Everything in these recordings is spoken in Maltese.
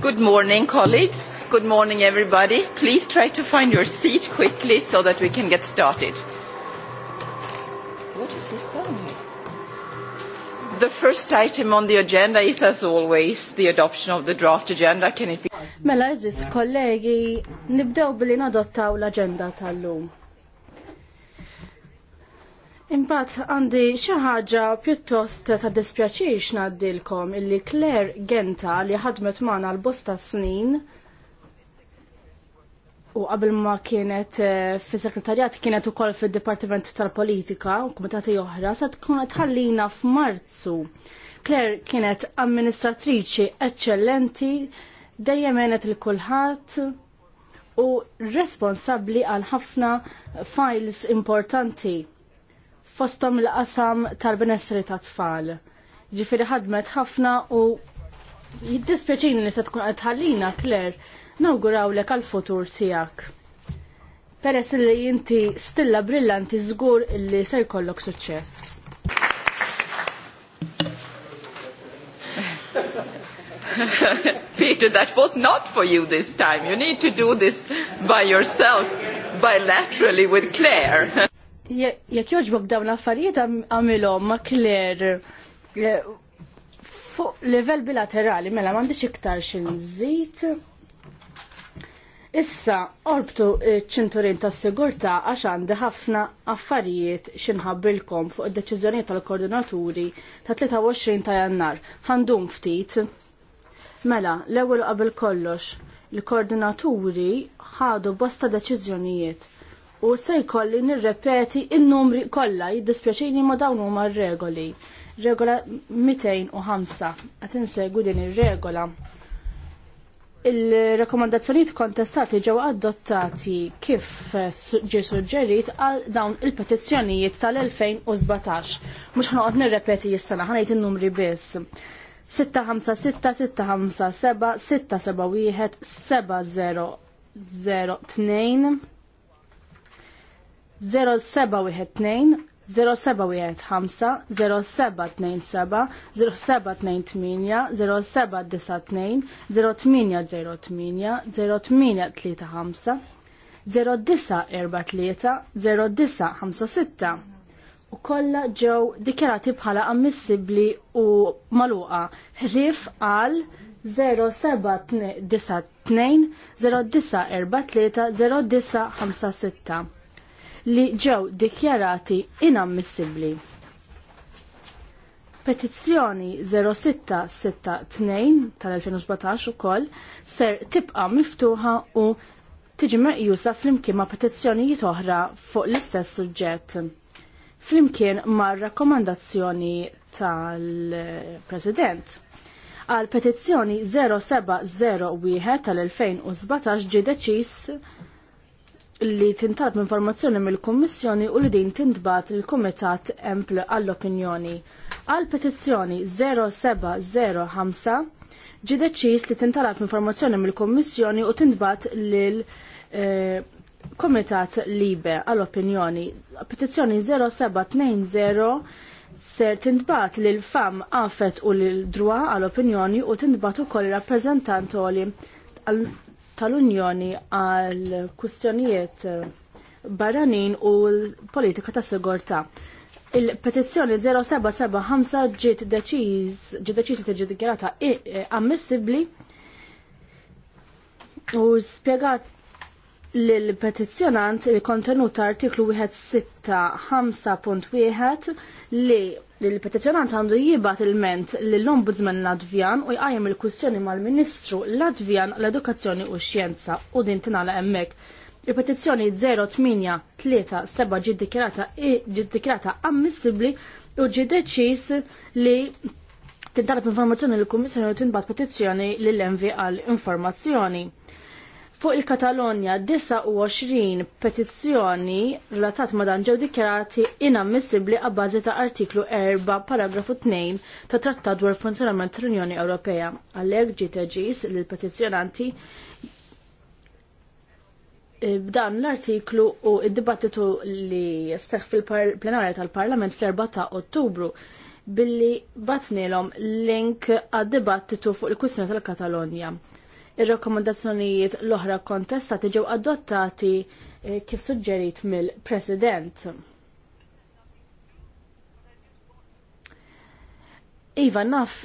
Good morning, colleagues. Good morning, everybody. Please try to find your seat quickly so that we can get started. What is this song? The first item on the agenda is, as always, the adoption of the draft agenda. Can it be? Mela, eżis kollegi, nibdew billi nadottaw l-agenda tal-lum. Imbagħad għandi xi ħaġa pjuttost ta' dispjaċir x'ngħaddilkom illi Claire Genta li ħadmet magħna l-bosta snin u qabel ma kienet eh, fi sekretarjat kienet ukoll fid-Dipartiment tal-Politika u kumitati oħra sa tkun qed ħallina f'Marzu. Claire kienet amministratriċi eċċellenti dejjem għenet il kulħadd u responsabbli għal ħafna files importanti fostom l-qasam tal-benessri ta' tfal. Ġifiri ħadmet ħafna u jiddispjaċini li se tkun qed ħallina Kler nawgurawlek għal-futur tiegħek. Peress li inti stilla brillanti żgur illi se jkollok suċċess. Peter, that was not for you this time. You need to do this by yourself, bilaterally with Claire jekk joġbok dawn l-affarijiet għamilhom ma' kler fuq level bilaterali mela m'għandix iktar xinżit. Issa orbtu ċinturin ta' sigurta għax għandi ħafna affarijiet xinħabbilkom fuq id-deċiżjonijiet tal-koordinaturi ta' 23 ta' jannar. Ħandum ftit. Mela, l-ewwel qabel kollox, il-koordinaturi ħadu bosta deċiżjonijiet u se jkolli nirrepeti il numri kollha jiddispjaċini ma dawn huma r-regoli. Regola 205 qed insegwu din ir-regola. Il-rekomandazzjonijiet kontestati ġew adottati kif ġie suġġerit għal dawn il-petizzjonijiet tal-2017. Mhux ħanoqgħod nirrepeti jistana ħanejt in-numri biss. 656 657 771 702 0712 u kollha ġew dikjarati bħala ammissibbli u maluqa ħlif għal 0792 0943 0956 li ġew dikjarati inammissibbli. Petizzjoni 0662 tal-2017 ukoll ser tibqa' miftuħa u tiġi meqjusa flimkien ma' petizzjonijiet oħra fuq l-istess suġġett. Flimkien ma' rakkomandazzjoni tal-President għal petizzjoni 0701 tal-2017 ġi deċis li tintat informazzjoni mill-Kummissjoni u li din tintbat il-Kumitat Empl għall-Opinjoni. Għal petizzjoni 0705 ġi deċiż li tintalab informazzjoni mill-Kummissjoni u tintbat lil eh, Komitat Libe għall-Opinjoni. Petizzjoni 0720 ser tintbat lil fam għafet u lil drua għall-opinjoni u tintbat ukoll rappreżentant għal tal-Unjoni għal kustjonijiet barranin u l-politika ta' sigurta. Il-petizzjoni 0775 ġiet deċiż ġiet deċiż li ġiet dikjarata eh, ammissibbli u spjegat l-petizjonant il-kontenut artiklu 165.1 li l-petizjonant għandu jibat il-ment l-Ombudsman Latvjan u jqajem il-kustjoni mal-Ministru Latvjan l-Edukazzjoni u Xjenza u din tinala emmek. Il-petizzjoni 0837 ġi dikjarata ammissibli u ġi deċis li tintalab informazzjoni l-Kummissjoni u tintbat petizzjoni lill-envi għal informazzjoni. Fuq il-Katalonja 29 petizzjoni relatat ma dan ġew dikjarati inammissibbli għabbażi ta' artiklu 4 paragrafu 2 ta' Trattat dwar funzjonament tal-Unjoni Ewropea. Għalhekk ġiet eġis li l-petizzjonanti eh, b'dan l-artiklu u id-dibattitu li seħħ fil-plenarja tal-Parlament fl-4 ta' Ottubru billi batnilom link għad-dibattitu fuq il-kwistjoni tal-Katalonja Ir-rakkomandazzjonijiet l-oħra kontestati ġew adottati eh, kif suġġerit mill-President. Iva, naf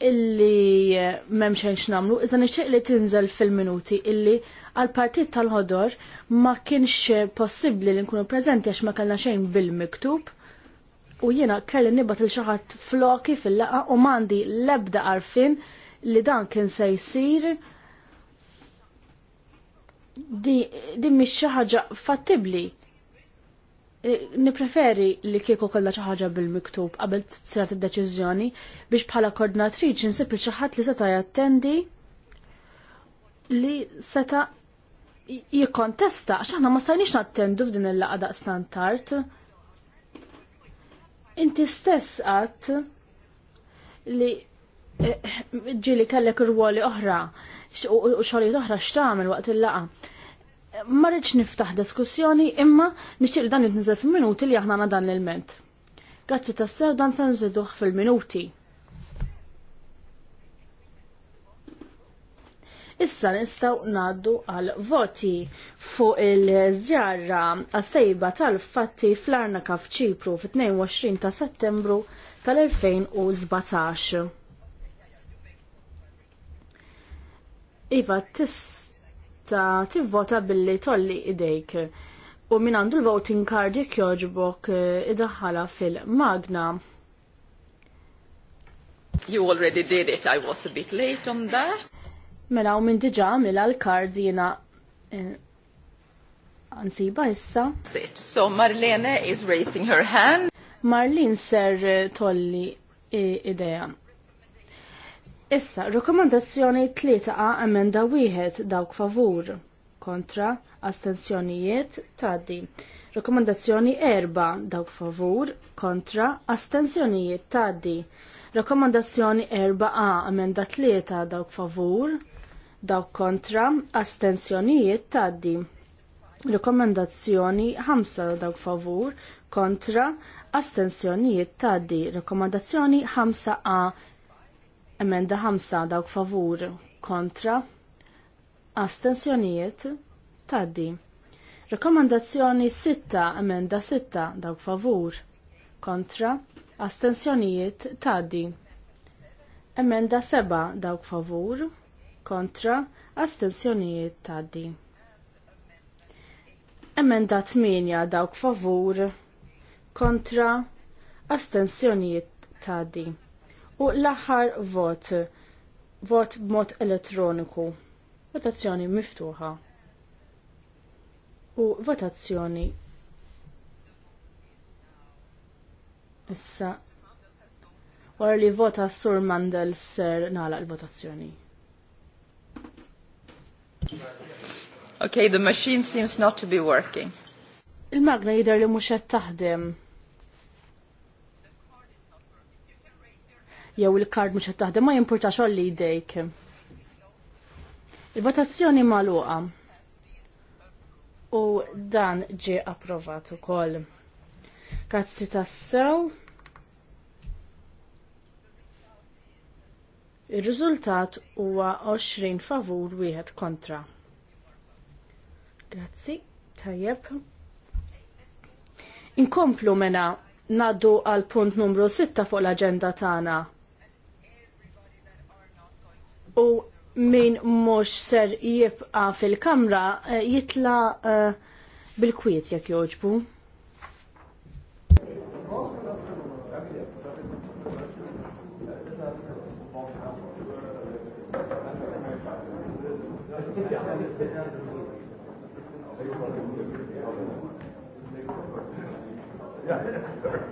illi eh, memxen xnamlu, iżda nixtieq li tinżel fil-minuti illi għal partit tal-ħodor ma kienx possibbli li nkunu preżenti għax ma kellna xejn bil-miktub u jiena kelli nibat il xaħat floki fil-laqa u mandi lebda għarfin li dan kien se jsir din mhix xi ħaġa fattibbli. E, nipreferi li kieku kollha xi ħaġa bil-miktub qabel t-sirat id-deċiżjoni biex bħala koordinatriċi nsib li xi ħadd li seta' jattendi li seta' jikkontesta għax aħna ma stajniex nattendu f'din il-laqa daqslan tard. Inti stess qatt li ġili kellek rwoli oħra u xogħlijiet oħra x'tagħmel waqt il-laqa. Ma rridx niftaħ diskussjoni imma nixtieq dan jitniżel fil-minuti li aħna dan l-ilment. Grazzi tassew dan se nżiduh fil-minuti. Issa nistaw naddu għal voti fuq il-żjarra għas-sejba tal-fatti fl-Arnaka f'Ċipru fit-22 ta' Settembru tal-2017. Iva, tista tivvota billi tolli idejk u min għandu l-voting card jekk joġbok eh, id-daħħala fil-magna. You already did it, I was a bit late on that. Mela u minn diġa mela l-card jina għansiba eh, issa. So Marlene is raising her hand. Marlene ser tolli idejan. Issa, rekomendazzjoni tlieta a emenda wieħed dawk favur kontra astensjonijiet taddi. Rekomendazzjoni erba' dawk favur kontra astensjonijiet taddi. Rekomendazzjoni erba' a emenda tlieta dawk favur dawk kontra astensjonijiet taddi. Rekomendazzjoni ħamsa dawk favur kontra astensjonijiet taddi. Rekomendazzjoni ħamsa. a Emenda ħamsa dawk favur kontra astensjonijiet taddi. Rekomandazzjoni sitta emenda sitta dawk favur kontra astensjonijiet taddi. Emenda seba' dawk favur kontra astensjonijiet taddi. Emenda 8 dawk favur kontra astensjonijiet taddi u l-aħħar vot, vot b'mod elettroniku, votazzjoni miftuħa u votazzjoni issa wara li vota Sur Mandel ser nagħlaq il-votazzjoni. Okay, the machine seems not to be working. Il-magna jidher li mhux qed taħdem. jew il-kard mhux qed taħdem ma jimpurtax li jdejk. Il-votazzjoni magħluqa. U dan ġie approvat ukoll. Grazzi tassew. Ir-riżultat huwa 20 favur wieħed kontra. Grazzi, tajjeb. Inkomplu mena naddu għal punt numru 6 fuq l-agenda tagħna u min mhux ser jibqa fil-kamra eh, jitla eh, bil-kwiet jekk jogħġbu. Yeah,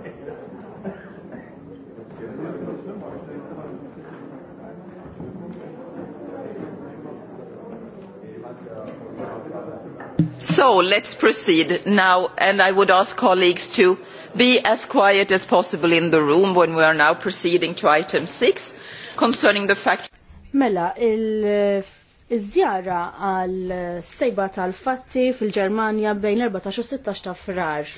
So let's proceed now, and I would ask colleagues to be as quiet as possible in the room when we are now proceeding to item six concerning the fact. Mela, il iż-żjara għal sejba tal-fatti fil-Ġermanja bejn 14 u 16 ta' frar.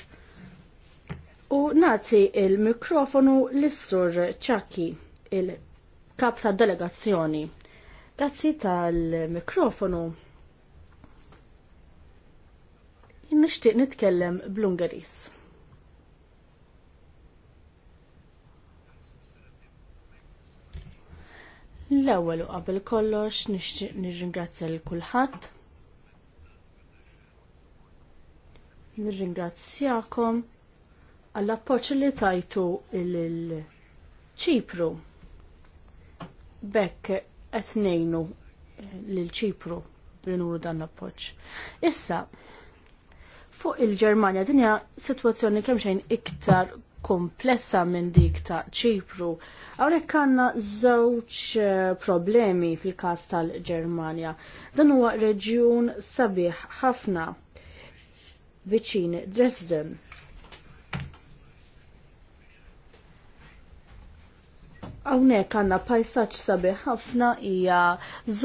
U nati il-mikrofonu l-sur ċaki, il-kap tad delegazzjoni. Grazzi tal-mikrofonu nixtieq nitkellem bl-Ungeris. L-ewwel u qabel kollox nixtieq nirringrazzja lil kulħadd. Nirringrazzjakom għall appoġġ li tajtu lil ċipru. Bekk qed ngħinu lil ċipru li nuru dan l-appoġġ. Issa, Fuq il-Ġermanja din hija sitwazzjoni kemm xejn iktar komplessa minn dik ta' ċipru. Hawnhekk għandna żewġ eh, problemi fil-każ tal-Ġermanja. Dan huwa reġjun sabiħ ħafna viċin Dresden. Hawnhekk għandna pajsaġġ sabiħ ħafna hija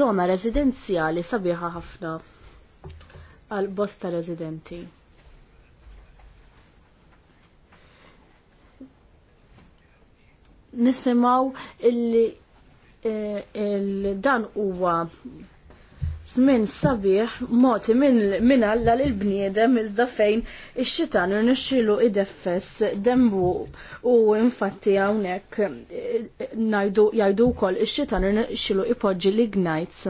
żona residenzjali sabiħa ħafna għal bosta residenti. nisimaw illi eh, dan huwa żmien sabiħ moti minn alla l bniedem iżda fejn ix-xitan nixxilu ideffess dembu u infatti hawnhekk eh, jgħidu wkoll ix-xitan nixxilu ipoġġi li gnajts.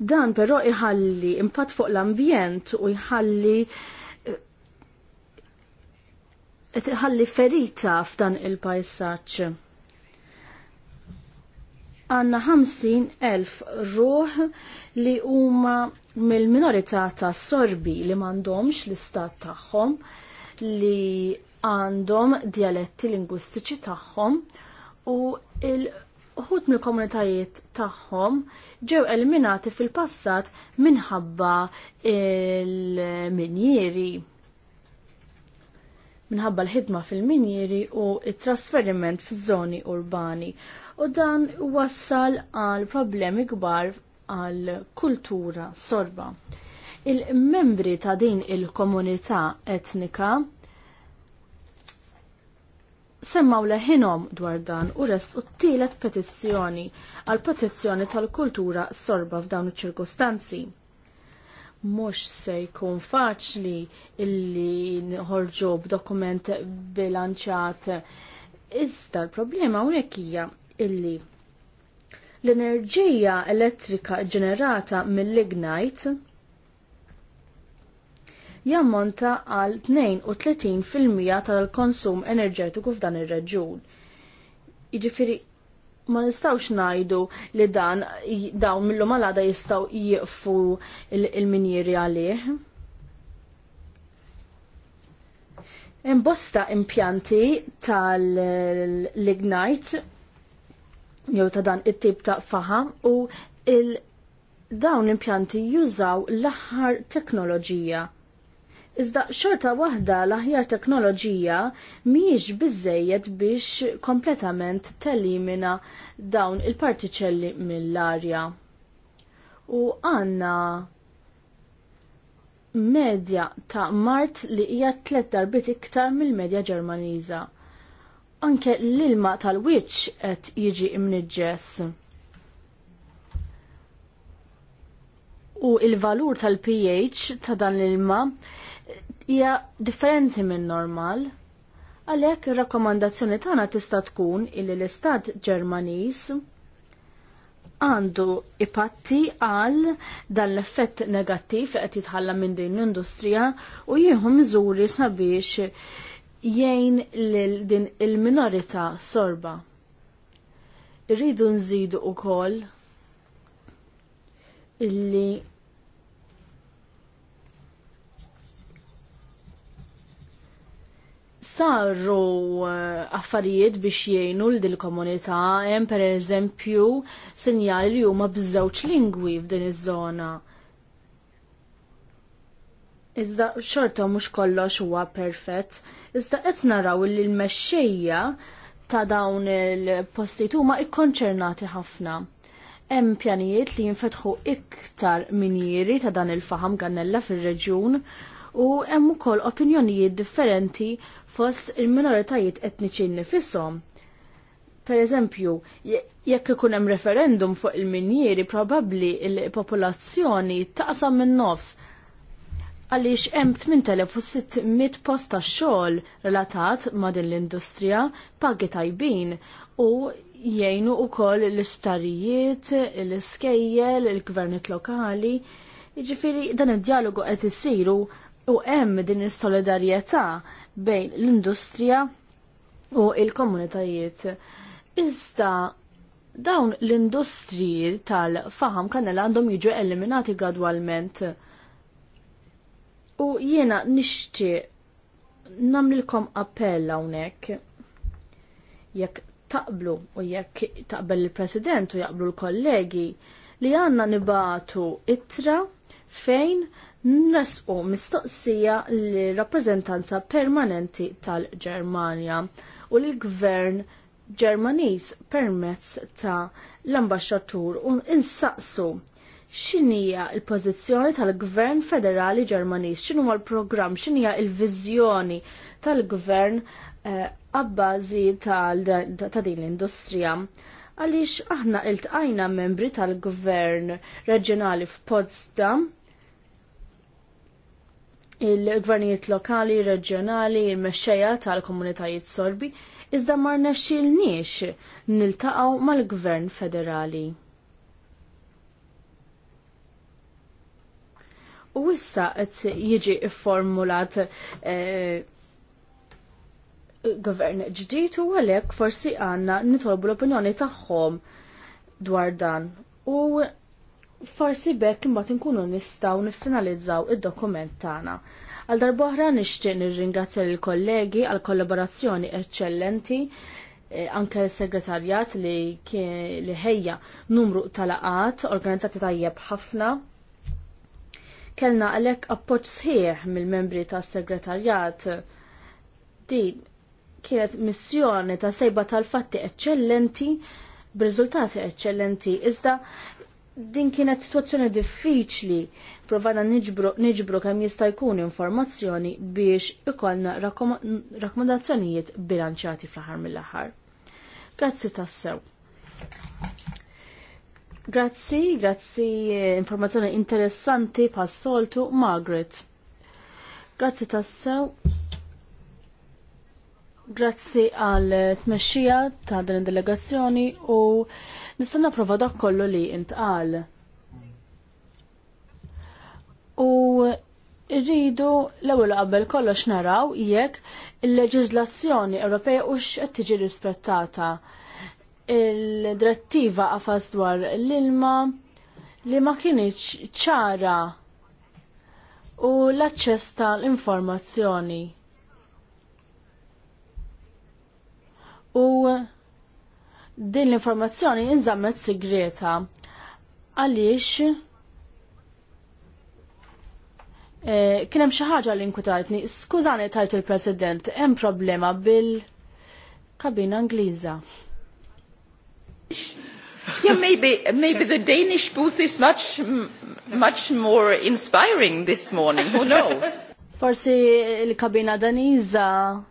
Dan però iħalli impatt fuq l-ambjent u jħalli qed iħalli ferita f'dan il-pajsaġġ. Għanna 50,000 ruħ li huma mill-minorità ta' sorbi li m'għandhomx l-istat tagħhom li għandhom dialetti lingwistiċi tagħhom u il- uħut mill komunitajiet tagħhom ġew eliminati fil-passat minħabba il-minjeri minħabba l-ħidma fil-minjeri u it-trasferiment fiż-żoni urbani. U dan wassal għal problemi kbar għal kultura sorba. Il-membri ta' din il-komunità etnika semmaw leħinom dwar dan u rest u t-tielet petizzjoni għal protezzjoni tal-kultura sorba f'dawn iċ-ċirkostanzi mhux se jkun faċli illi nħorġu b'dokument bilanċat. Iżda l-problema hawnhekk hija illi l-enerġija elettrika ġenerata mill-lignite jammonta għal 32% tal-konsum enerġetiku f'dan ir-reġjun. Jiġifieri ma nistawx najdu li dan daw millu malada jistaw jiqfu il-minjiri il għalih. Imbosta impjanti tal-lignite jew ta' dan it-tip ta' faham u il dawn l-impjanti jużaw l-aħħar teknoloġija Iżda xorta waħda l-aħjar teknoloġija mhijiex biżejjed biex kompletament telimina dawn il-partiċelli mill-arja. U għanna medja ta' mart li hija tliet darbit iktar mill-medja Ġermaniża. Anke l-ilma tal-wiċċ qed jiġi imniġġess. U il-valur tal-pH ta' dan l-ilma hija differenti minn normal. Għalhekk ir-rakkomandazzjoni tagħna tista' tkun illi l-Istat Ġermaniż għandu ipatti għal dan l-effett negattiv li qed jitħalla minn din l-industrija u jieħu miżuri sabiex jgħin lil din il-minorità sorba. Irridu nżidu ukoll illi saru eh, affarijiet biex jgħinu l din komunità hemm pereżempju sinjali li huma bżewġ lingwi f'din iż-żona. Iżda xorta mhux kollox huwa perfett, iżda qed naraw li l-mexxejja ta' dawn il-postijiet huma ikkonċernati ħafna hemm pjanijiet li jinfetħu iktar minieri ta' dan il-faham gannella fir-reġjun u hemm ukoll opinjonijiet differenti fost il-minoritajiet etniċi nifissom. Per eżempju, jekk ikun hemm referendum fuq il-minjieri, probabbli il-popolazzjoni taqsam minn nofs għaliex hemm 8600 post ta' xogħol relatat ma' din l-industrija pagi tajbin u jgħinu wkoll l-isptarijiet, l-iskejjel, il-gvernit lokali. Jiġifieri dan id-dialogu qed isiru u hemm din is-solidarjetà bejn l-industrija u il-komunitajiet. Iżda dawn l-industriji tal-faham kanela għandhom jiġu eliminati gradwalment. U jiena nixti namlilkom appell hawnhekk. Jekk taqblu u jekk taqbel il-President u jaqblu l-kollegi li għanna nibatu itra fejn nesqu mistoqsija li rappreżentanza permanenti tal-Ġermanja u lill l-gvern Ġermaniż permezz ta' l-ambasċatur u insaqsu x'inhija l-pożizzjoni tal-Gvern Federali Ġermaniż, x'inhu l-programm, x'inhija l-viżjoni tal-Gvern għabbażi eh, ta' din l-industrija. Għaliex aħna iltqajna membri tal-Gvern Reġjonali f'Potsdam il-gvernijiet lokali, reġjonali, il-mexxejja tal-komunitajiet sorbi, iżda ma rnexxielniex niltaqgħu mal-Gvern Federali. U issa qed jiġi fformulat eh, gvern ġdid u għalhekk forsi għandna nitolbu l-opinjoni tagħhom dwar dan. U Forsi bekk imbagħad inkunu nistgħu niffinalizzaw id-dokument tagħna. Għal darbohra nixtieq nirringrazzja lill kollegi għal kollaborazzjoni eċċellenti eh, anke l-segretarjat li ħejja numru talaqat organizzati tajjeb ħafna. Kellna għalhekk appoġġ sħiħ mill-membri tas-segretarjat din kienet missjoni ta' sejba tal-fatti eċċellenti b'riżultati eċċellenti iżda din kienet situazzjoni diffiċli provana niġbru kemm jista' jkun informazzjoni biex ikollna rakkomandazzjonijiet bilanċati fl-aħħar mill-aħħar. Grazzi tassew. Grazzi, grazzi eh, informazzjoni interessanti pas-soltu Margaret. Grazzi tassew. Grazzi għal tmexxija ta' din delegazzjoni u Nista' napprova dak kollu li intqal. U rridu l-ewwel qabel kollox naraw jekk il-leġiżlazzjoni Ewropea hux qed tiġi rispettata. Il-direttiva qafas dwar l-ilma li ma kienieċ ċara u l-aċċess tal-informazzjoni. U din l-informazzjoni inżammet segreta. Għaliex eh, kien hemm xi ħaġa li nkutatni. Skużani tajt il-President, hemm problema bil-kabina Angliża. yeah, maybe maybe the Danish booth is much much more inspiring this morning. Who knows? Forsi il kabina Daniża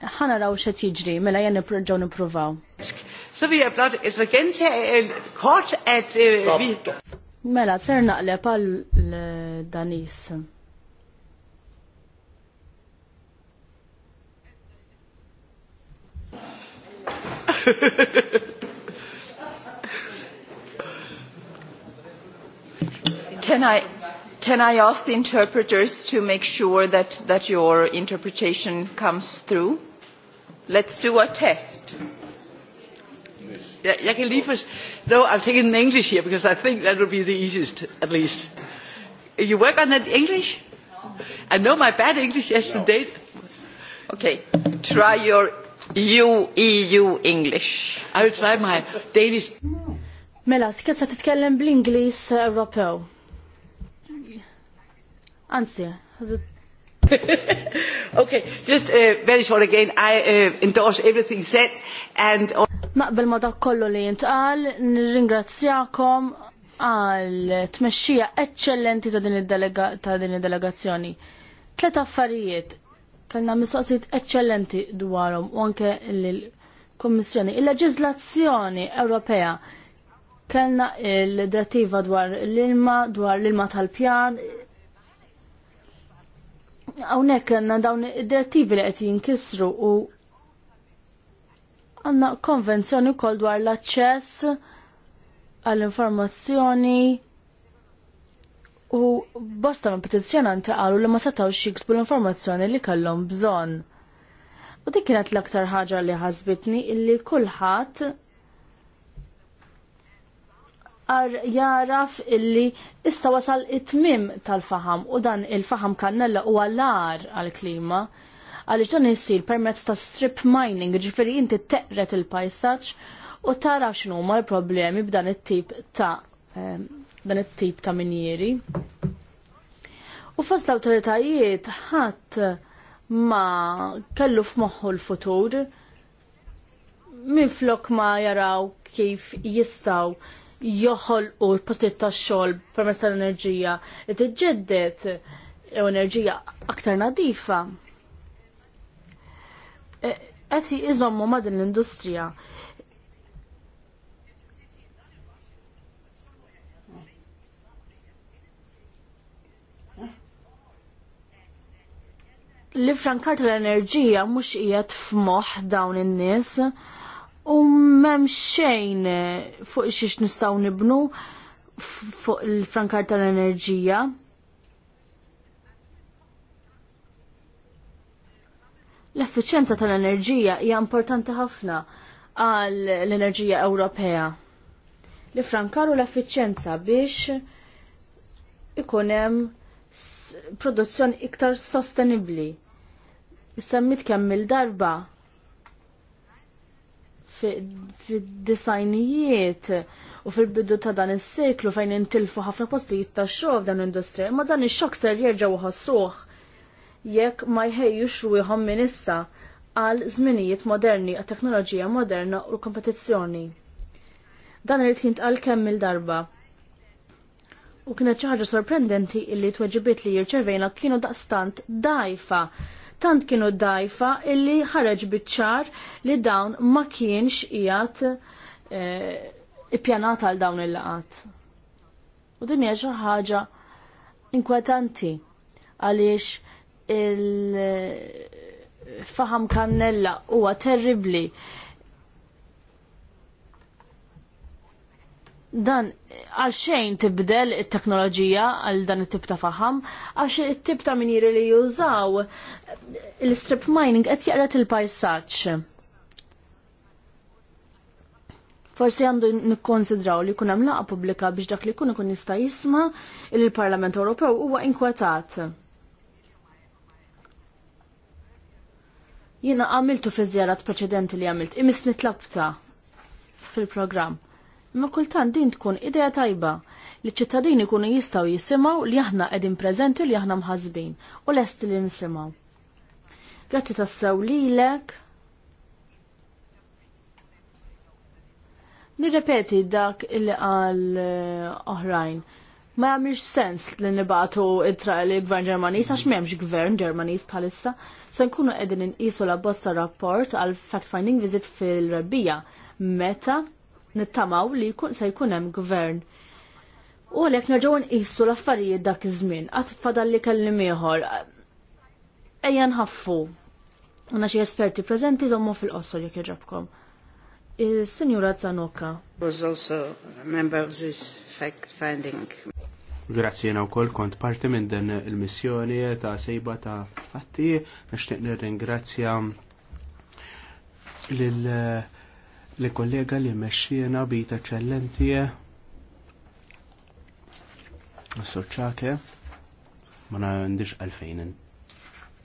ħanaraw xet jiġri, mela jen nipruġaw nipruvaw. So vi għablad, izvagenza kort et Mela, ser naqleb għal danis. Can I can I ask the interpreters to make sure that, that your interpretation comes through? Let's do a test. Yeah, I can leave us. No, I'll take it in English here because I think that would be the easiest, at least. You work on that English? I know my bad English yesterday. No. Okay, try your EU, EU English. I will try my Danish. Mela, skessa titkellem bl-Inglis uh, Ewropew. Anzi, okay, just uh, very short again, I uh, endorse everything said and... Naqbel ma dak kollu li jintqal, nirringrazzjakom għal tmexxija eccellenti ta' din id-delegazzjoni. Tlet affarijiet kellna mistoqsijiet eccellenti dwarhom u anke l-Kommissjoni. Il-leġiżlazzjoni Ewropea kellna il drattiva dwar l-ilma, dwar l-ilma tal-pjan, Hawnhekk għanna dawn id-direttivi li qed jinkisru u għanna konvenzjoni wkoll dwar l-aċċess għall-informazzjoni u bosta minn petizjonanti qalu li ma setawx jiksbu l-informazzjoni li kellhom bżonn. U dik kienet l-aktar ħaġa li ħasbitni illi kulħadd għar jaraf illi issa wasal it-tmim tal-faham u dan il-faham kannella u għallar għal-klima għalix dan jissir permezz ta' strip mining, ġifiri inti teqret il-pajsaċ u tara x'nu ma' l-problemi b'dan it-tip ta' ehm, dan it-tip ta' minjeri. U fost l-autoritajiet ħadd ma kellu f'moħħu l-futur minflok ma jaraw kif jistaw joħolqu l-postijiet tax-xogħol permezz tal-enerġija li tiġġedded jew enerġija aktar nadifa. Għessi jiżommu ma' din l-industrija. Li frankart tal-enerġija mhux qiegħed f'moħħ dawn in-nies u m'hemm xejn eh, fuq xiex nistgħu nibnu fuq il-frankar tal-enerġija. L-effiċenza tal-enerġija hija importanti ħafna għal l-enerġija Ewropea. L-frankar u l-effiċenza biex ikunem produzzjoni iktar sostenibli. Semmit kemm il-darba fid-disajnijiet u fil-bidu ta' dan is-siklu fejn intilfu ħafna postijiet ta' xogħol f'dan l-industrija, imma dan ix-xokk ser jirġaw ħassuħ jekk ma jħeju xruħom minn issa għal żminijiet moderni, għal teknoloġija moderna u kompetizzjoni. Dan tint għal kemm il-darba. U kienet xi ħaġa sorprendenti illi tweġibiet li jirċervejna kienu daqstant dajfa tant kienu dajfa illi ħareġ biċ-ċar li dawn ma kienx qiegħed eh, ippjanat għal dawn il-laqat. U din hija xi ħaġa inkwetanti għaliex il-faham eh, kannella huwa terribli dan għal xejn tibdel it-teknoloġija għal dan it-tip ta' faham, għax it-tip ta' miniri li jużaw l-strip mining qed jaqret il-pajsaġġ. Forsi għandu nikkonsidraw li kun hemm laqa pubblika biex dak li kun ikun jista' jisma' il parlament Ewropew huwa inkwetat. Jiena għamiltu fi żjarat preċedenti li għamilt, imisni tlabta fil-programm Ma kultant din tkun idea tajba li ċittadini kunu jistaw jisimaw li aħna edin prezenti li aħna mħazbin u lest li nisimaw. Grazzi tassaw li lek. Nirrepeti dak illi għal eh, oħrajn. Ma jamiex sens li nibatu itra li gvern ġermanis, għax memx gvern ġermanis bħalissa, se nkunu edin nqisu la bosta rapport għal fact-finding visit fil-rebbija. Meta nittamaw li jkun se jkun hemm gvern. U għalek nerġgħu nqisu l-affarijiet dak iż-żmien, qatt fadal li kellim ieħor. Ejjan nħaffu. Għandna xi esperti preżenti żommu fil qossol jekk jġobkom. Is-Sinjura Zanokka. Was also a member of this fact finding. Grazzi jena ukoll kont parti minn dan il-missjoni ta' sejba ta' fatti, nixtieq nirringrazzja lil li kollega li meċxiena bit eccellenti eh? s-soċċake ma nandix għalfejn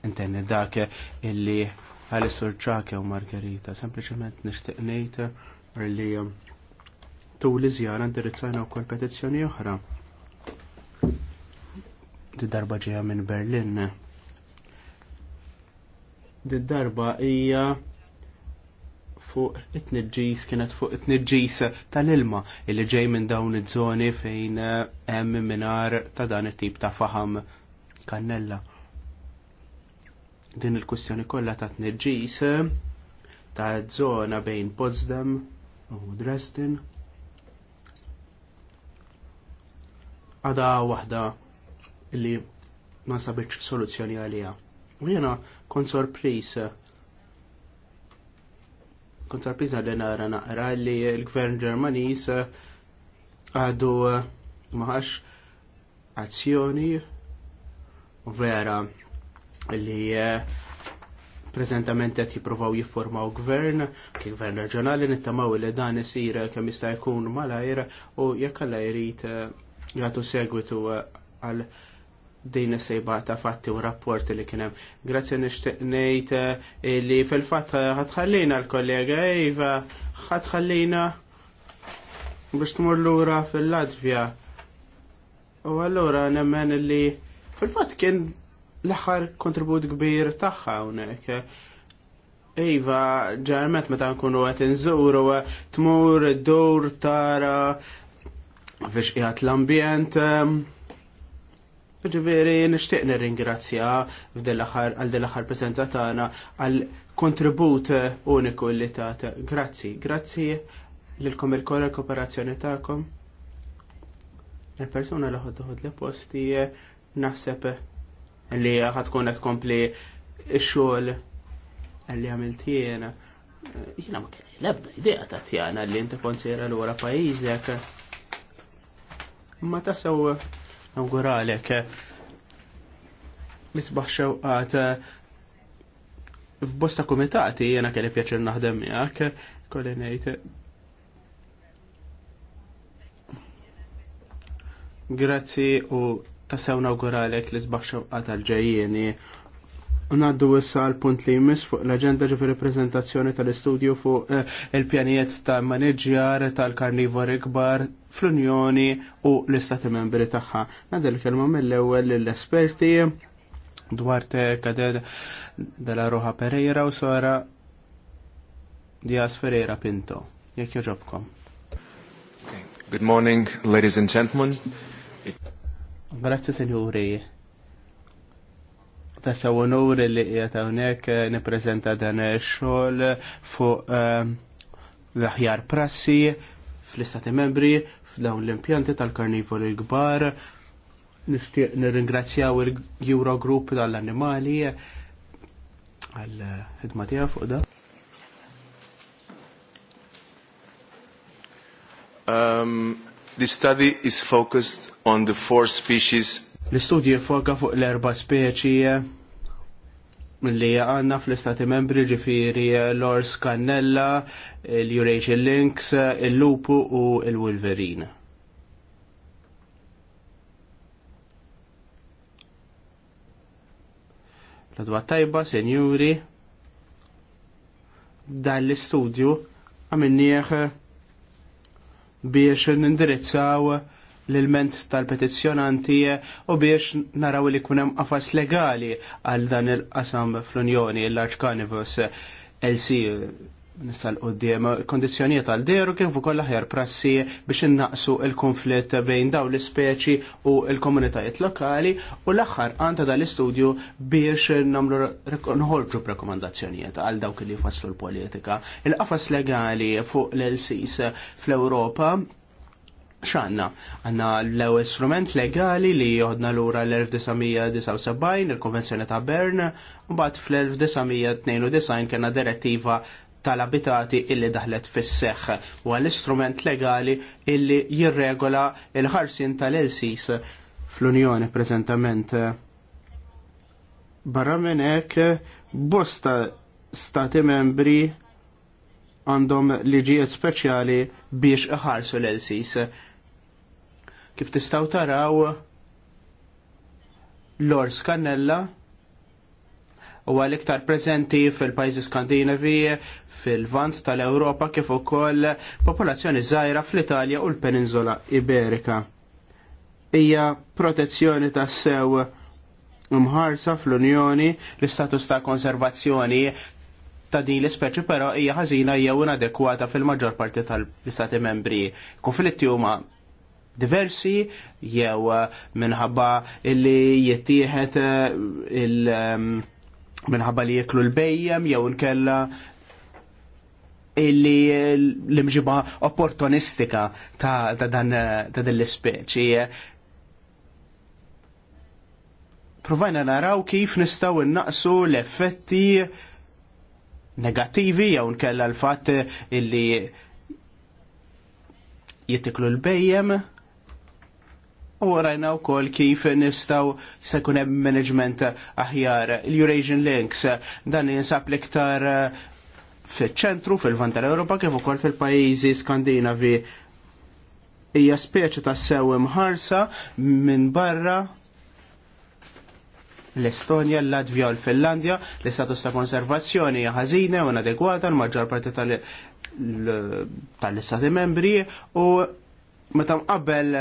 intenni dake eh, illi għal s-soċċake u margarita sempliciment nishtiq nejt eh, li tu li zjara indirizzajna u petizjoni oħra di darba ġeja minn Berlin di darba hija fuq it-nirġis kienet fuq it-nirġis tal-ilma illi ġej minn dawn iż-żoni fejn eh, hemm minar ta' dan it-tip ta' faham kannella. Din il-kwistjoni kollha ta' tnirġis eh, ta' żona bejn Potsdam u Dresden. Għada waħda li ma sabitx soluzzjoni għalija. U jena kon kont sorpriża li nara naqra li l-gvern Ġermaniż għadu eh, maħax azzjoni vera li eh, prezentament qed jippruvaw jiffurmaw gvern, kif gvern reġjonali nittamaw li dan isir kemm jista' jkun malajr u jekk alla jrid eh, jagħtu segwitu għal din is-sejba ta' fatti u rapporti li kienem. Grazzi nixtieq nejt eh, li fil-fatt eh, ħatħallina l-kollega Eva, ħatħallina biex tmur lura fil-Latvja. U allura nemmen li fil-fatt kien l-aħħar kontribut kbir tagħha hawnhekk. Iva, ġarmet meta nkunu qed u tmur d dur tara fiex qiegħed l-ambjent ehm, Ġiviri, nishtiq nir-ringrazzja għal dell-axar prezentatana għal kontribut uniku li ta' Grazzi, grazzi l-kom il-kora kooperazzjoni ta'kom. Il-persona li ħodħod li posti naħseb li tkun qed kompli x-xogħol li għamilt jiena. Jiena ma kelli l-ebda idea ta' tjana li jinti konsidera l għura pajjiżek. Ma tasaw nawguralek. Misbaħ xewqat eh, f'bosta komitati jena kelli pjaċir naħdem miegħek, kolli ngħid. Grazzi u tassew nawguralek li sbaħ xewqat għal-ġejjieni Unaddu issa għal punt li jmiss fuq l-agenda ġifir prezentazzjoni tal-istudju fuq eh, il-pjanijiet ta' maneġjar tal-karnivori kbar fl-Unjoni u l-Istati membri tagħha. Nadel kelma mill-ewwel l-esperti dwar te Cadel della Roja Pereira u Sora Dias Ferreira Pinto. Jekk joġobkom. Good morning, ladies and gentlemen. Grazie, signori ta' sawonur li jgħat għonek eh, niprezenta dan eh, xol fuq eh, l-aħjar prassi fl-istati membri f'dawn l-impjanti tal karnivoli l-gbar nishtiq nirringrazzjaw il-Eurogroup tal-animali għal-ħidma tiegħu fuq da. Um, the study is focused on the four species L-istudji jifoka fuq l-erba speċi li għanna fl-istati membri ġifiri l-ors kannella, l-Eurasian lynx, il-lupu u il-wolverine. L-adwa tajba, senjuri, dan l-istudju għamennieħ biex nindirizzaw l-ilment tal-petizjonanti u biex naraw li kunem għafas legali għal dan il-qasam fl-Unjoni, il-Large Carnivus LC d qoddim kondizjoniet għal deru kif ukoll aħjar prassi biex innaqsu il-konflitt bejn daw l-ispeċi u l-komunitajiet lokali u l-aħħar għanta dal-istudju biex namlu nħolġu prekomandazzjoniet għal dawk li faslu l-politika. Il-qafas legali fuq l-LCs fl-Ewropa xanna. Għanna l-ewel strument legali li joħodna l-ura l-1979, il-Konvenzjoni ta' Bern, bat fl-1992 kena direttiva tal-abitati illi daħlet fis-seħħ u għall-istrument legali illi jirregola il-ħarsin tal-LCs fl-Unjoni preżentament. Barra minn hekk bosta stati membri għandhom liġijiet speċjali biex iħarsu l-LCs Kif tistaw taraw l-ors kannella u għal-iktar prezenti fil-pajzi skandinavi, fil-vant tal-Europa kif ukoll popolazzjoni żgħira fl-Italja u l-Peninsula Iberika. Hija protezzjoni tas-sew mħarsa fl-Unjoni l-istatus ta' konservazzjoni ta' din l-ispeċi però hija ħażina jew inadekwata fil-maġġor parti tal-istati membri. Konflitti huma diversi jew eh, minħabba illi jittieħed eh, il ehm, minħabba li jeklu l-bejjem jew nkella illi eh, l-imġiba opportunistika ta' dan ta' dan l-ispeċi. Provajna naraw kif nistaw innaqsu l-effetti negativi jew nkella l-fatt illi jittiklu l-bejjem u rajna wkoll kif nistaw se jkun hemm management aħjar. Il-Eurasian Links dan jinsab l-iktar eh, fiċ-ċentru fil-vant tal-Ewropa kif ukoll fil-pajjiżi Skandinavi hija speċi ta' sew imħarsa minn barra l-Estonja, l-Latvja u l-Finlandja, l-istatus ta' konservazzjoni hija ħażina u inadegwata l-maġġor parti tal-istati membri u meta qabel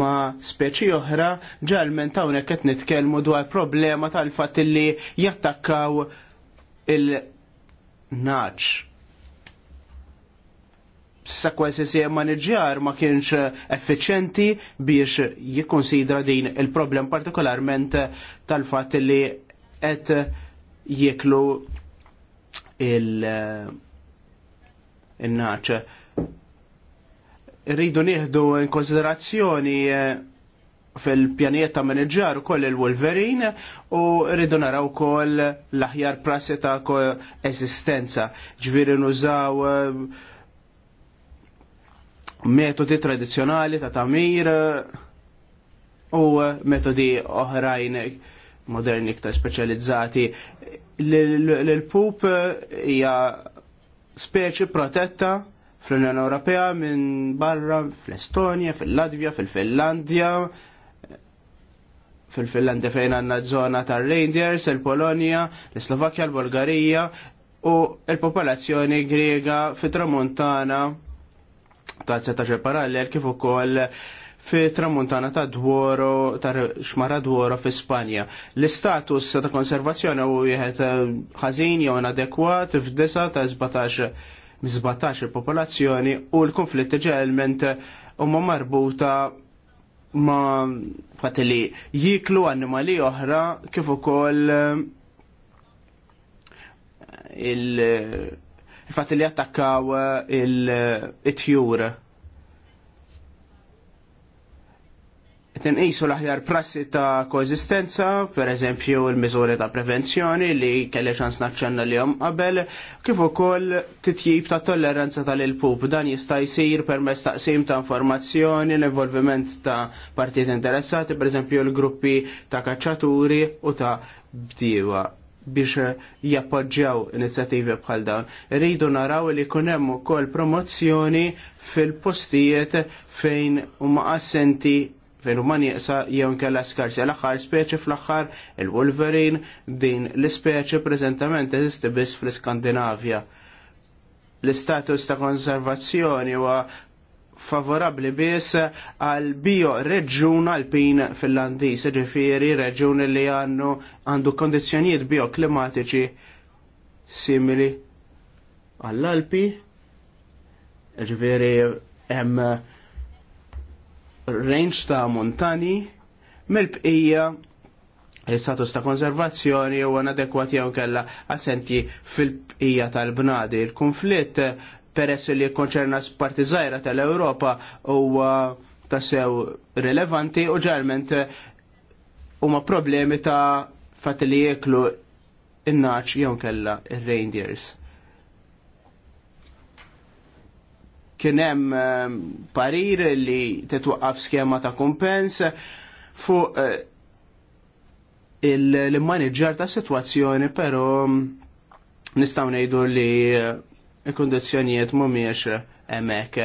ma speċi oħra ġalmen hawnhekk qed nitkellmu dwar problema tal-fatt li jattakkaw il-naċ. Sa kwasi si maniġjar ma kienx effiċenti biex jikkonsidra din il-problem partikolarment tal-fatt li qed jiklu il-naċ. il naċ rridu nieħdu in konsiderazzjoni eh, fil pjanijiet ta' manager ukoll il-Wolverine u rridu naraw ukoll l-aħjar prassi ta' eżistenza. Ġviri nużaw eh, metodi tradizjonali ta' tamir eh, u metodi oħrajn moderni iktar speċjalizzati. L-pup hija speċi protetta fl-Unjoni Ewropea minn barra fl-Estonja, fil-Latvja, fil-Finlandja, fil-Finlandja fejn għandna żona tar reinders il-Polonja, l-Slovakkja, l-Bulgarija u l-popolazzjoni Griega fit-Tramuntana ta' setax parallel kif ukoll fit tramuntana ta' Dworo, ta' xmara Dworo fi Spanja. L-istatus ta' konservazzjoni u jħed ħażin jew inadekwat f'disa ta' 17 17 il-popolazzjoni u l-konflitti ġelment huma marbuta ma fatili jiklu annimali oħra kif ukoll eh, il fatili attakkaw eh, il-tjur. tinqisu l-aħjar prassi ta' koesistenza, per eżempju l miżuri ta' prevenzjoni li kelli ċans naċċenna li jom qabel, kif ukoll titjib ta' tolleranza tal-il-pup. Dan jista' jsir permezz taqsim ta' informazzjoni, l-involviment ta' partijiet interessati, per eżempju l-gruppi ta' kaċċaturi u ta' bdiewa biex jappoġġjaw inizjativi bħal dawn. Rridu naraw li jkun hemm ukoll promozzjoni fil-postijiet fejn huma assenti Fejn huma nieqsa jew nkella skarsi l-aħħar speċi fl-aħħar il-Wolverine din l-ispeċi preżentament eżisti biss fl-Iskandinavja. L-istatus ta' konservazzjoni huwa favorabli biss għal bio reġjun alpin fil-landis, ġifiri reġjun li għandu għandu kondizzjonijiet bioklimatiċi simili għall-Alpi, ġifiri hemm range ta' montani mill-bqija status ta' konservazzjoni u adekwat jew kella assenti fil-bqija tal-bnadi. Il-konflitt peress li konċerna parti żgħira tal-Ewropa huwa ta' sew rilevanti u ġalment huma problemi ta' fat li jeklu in-naċ jew kella il reindeers kienem ehm, parir li titwaqqaf skema ta' kompens fuq eh, il-manager ta' situazzjoni, pero mm, nistaw nejdu li eh, il-kondizjonijiet mumiex emek.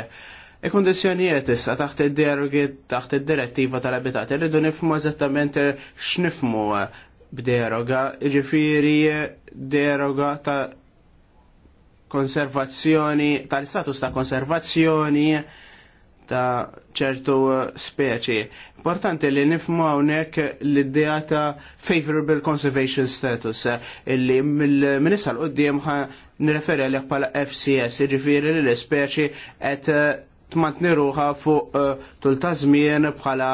Il-kondizjonijiet issa taħt id-derogi, taħt id-direttiva tal-abitat, irridu nifmu eżattament x'nifmu eh, b'deroga, ġifiri deroga ta' konservazzjoni, tal status ta' konservazzjoni ta' ċertu speċi. Importanti li nifmu hawnhekk l-idea ta' favorable conservation status illi mill-minissa l-qoddim nireferi għalek pala FCS, ġifiri li l-speċi qed tmantni ruħa fuq eh, tul ta' żmien bħala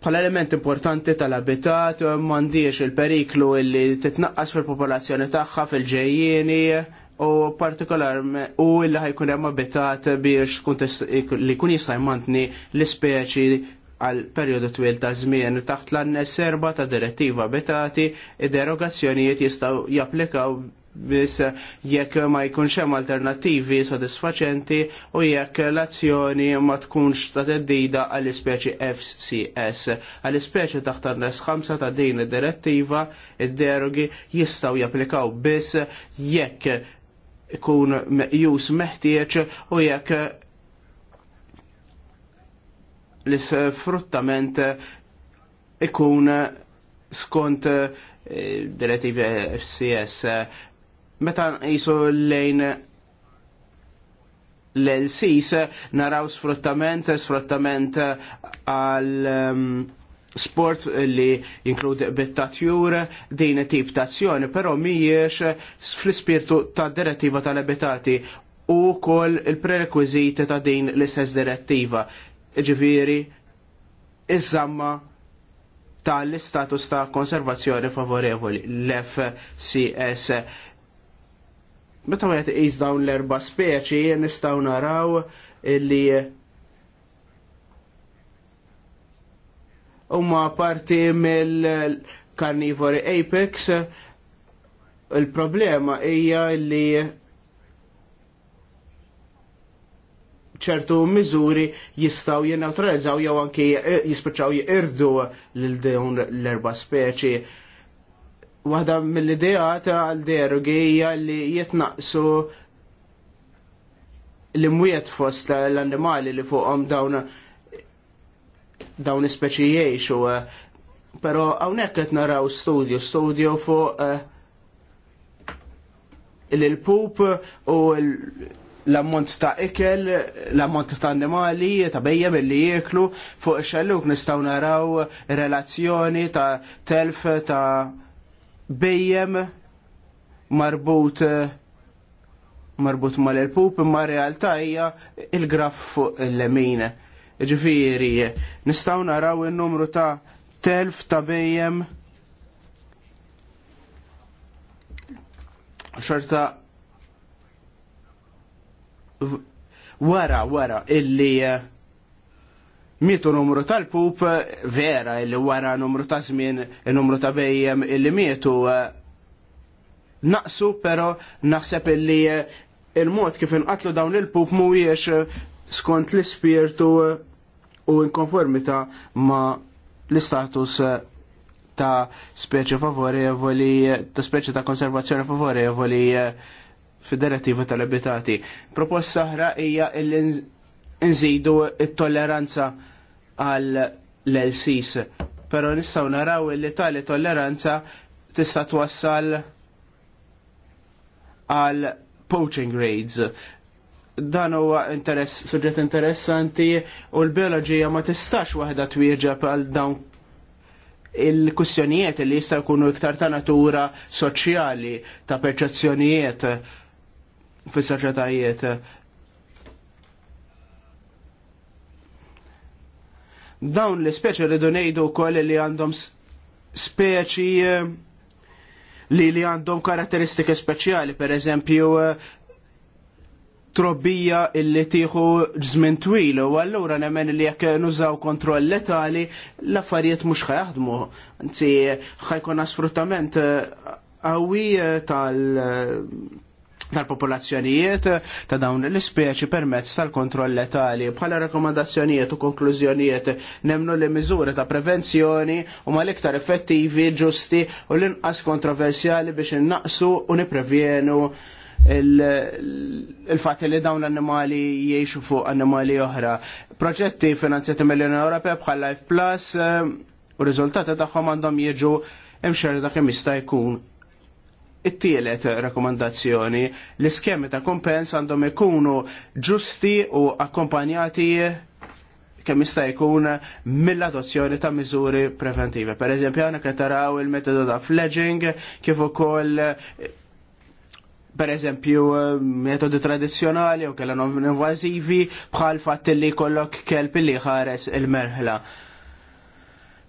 bħala element importanti tal-abitat, mandiex il-periklu illi titnaqqas fil-popolazzjoni tagħha fil ġejjini u partikolar u illi ħajkun hemm abitat biex li kun jista' jmantni l-ispeċi għal perjodu twil ta' żmien taħt l-annes serba ta' direttiva abitati id-derogazzjonijiet jistgħu japplikaw biss jekk ma jkunx hemm alternattivi sodisfaċenti u jekk l-azzjoni ma tkunx ta' teddida għall ispeċi FCS. Għall ispeċi taħt nes 5 ta' din id-direttiva id-derogi jistgħu japplikaw biss jekk ikun meqjus meħtieċ u jekk l-sfruttament ikun skont eh, direttivi FCS meta jisu lejn l-LCs naraw sfruttament, sfruttament għal ehm, sport li jinkludi bittatjur din tip ta' azzjoni, però mhijiex fl-ispirtu ta' direttiva tal-abitati u kol il-prerequisiti ta' din l-istess direttiva. Ġiviri, iż-żamma ta' l-istatus ta' konservazzjoni favorevoli, l-FCS. Meta ma iż dawn l-erba speċi, nistaw naraw illi huma parti mill-Carnivore Apex. Il-problema hija li ċertu miżuri jistaw jinneutralizzaw jew anke jispiċċaw jirdu lil dawn l-erba' speċi. Waħda mill-ideat għal derogi hija li jitnaqsu l-imwiet fost l-annimali li fuqhom dawn dawn ispeċi jiexu. Eh, pero għawnek qed naraw studio, studio fuq eh, il-pup u l-ammont ta' ikel, l-ammont ta' animali, ta' bejja billi jieklu, fuq xalluk nistaw naraw relazzjoni ta' telf ta' bejjem marbut eh, marbut mal-pup, imma realtà hija il-graf fuq l-lemina Ġifiri, nistaw naraw il-numru ta' telf ta' bejjem xorta wara wara illi eh, mietu numru tal-pup eh, vera illi wara numru ta' żmien numru ta' bejjem illi mietu eh, naqsu pero naħseb illi il-mod kif inqatlu dawn il-pup mhuwiex skont l-ispirtu u inkonformita ma l-istatus ta' speċi favorevoli, ta' speċi ta' konservazzjoni favorevoli fid tal-abitati. Proposta oħra hija l nżidu it-tolleranza għal l-LCs, pero nistaw naraw li tali tolleranza tista' twassal għal poaching raids dan huwa interess, suġġett interessanti u l-bioloġija ma tistax waħda twieġeb għal dawn il kwistjonijiet li jista' jkunu iktar ta' natura soċjali, ta' perċezzjonijiet fis soċjetajiet Dawn l-ispeċi rridu ngħidu wkoll li għandhom speċi eh, li li għandhom karatteristiki speċjali, per eżempju eh, trobbija illi tieħu żmien twil u allura nemmen li jekk nużaw kontroll letali l-affarijiet mhux ħajaħdmu. Anzi ħajkun sfruttament eh, qawwi eh, tal eh, tal-popolazzjonijiet ta' dawn l-ispeċi permezz tal-kontroll letali. Bħala rekomandazzjonijiet u konklużjonijiet nemnu li miżuri ta' prevenzjoni u ma l-iktar effettivi, ġusti u l-inqas kontroversjali biex innaqsu u niprevjenu il-fat li dawn l-annimali jiexu fuq annimali oħra. Proġetti finanzjati mill-Unjoni Ewropea bħal Life Plus eh, u riżultati tagħhom għandhom jiġu imxer da kemm jista' jkun. It-tielet rakkomandazzjoni l-iskemi ta' kompens għandhom ikunu ġusti u akkompanjati kemm jista' jkun mill-adozzjoni ta' miżuri preventive. Per eżempju, għandek taraw il-metodu ta' fledging kif ukoll per eżempju eh, metodi tradizjonali u kellha invażivi bħal fatt li kollok kelb li ħares il-merħla.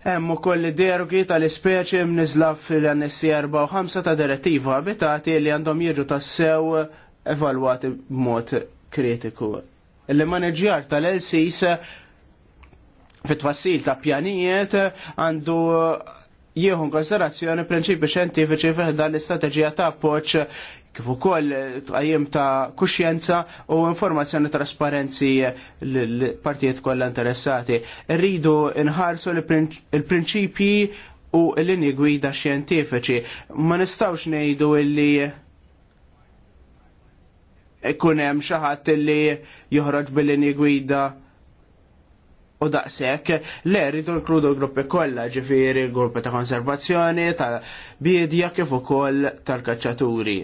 Hemm ukoll derogi tal-ispeċi mniżla fil-annessi 4 ta' direttiva abitati li għandhom jiġu tassew evalwati b'mod kritiku. Il-maneġjar tal-LCS fit-twassil ta' pjanijiet għandu jieħu konsiderazzjoni prinċipi xjentifiċi fiħda l-istrateġija ta' appoġġ kif ukoll eh, tqajjim ta' kuxjenza u informazzjoni trasparenzi l-partijiet kollha interessati. Rridu nħarsu l-prinċipji u l-linji gwida xjentifiċi. Ma nistawx ngħidu illi ikun hemm xi ħadd illi joħroġ bil-linji gwida u daqshekk le rridu nkludu l-gruppi kollha ġifieri l-gruppi ta' konservazzjoni, ta' bidja kif ukoll tal-kaċċaturi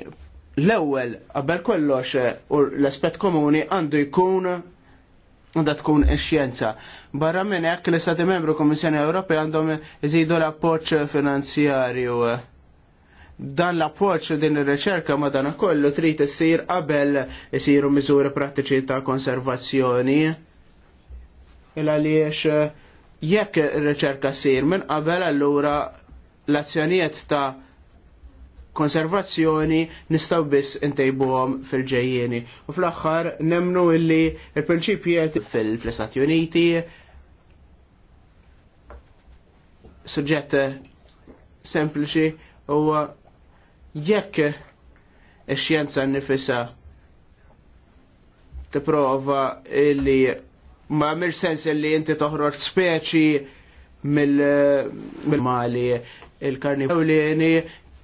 l-ewwel qabel kollox eh, u l-aspett komuni għandu jkun għandha tkun ix-xjenza. Barra minn hekk l-Istati Membru Kummissjoni Ewropea għandhom iżidu l-appoġġ finanzjarju. Dan l-appoġġ din ir-riċerka ma dan kollu trid issir qabel isiru miżuri prattiċi ta' konservazzjoni. Il għaliex eh, jekk ir-riċerka ssir minn qabel allura l-azzjonijiet ta' konservazzjoni nistaw biss intejbuhom fil-ġejjieni. U fl-aħħar nemnu illi il-prinċipijiet fil-Istati Uniti suġġett sempliċi u jekk ix-xjenza nifisa tipprova illi ma mir sens illi inti toħroġ speċi mill-mali il-karni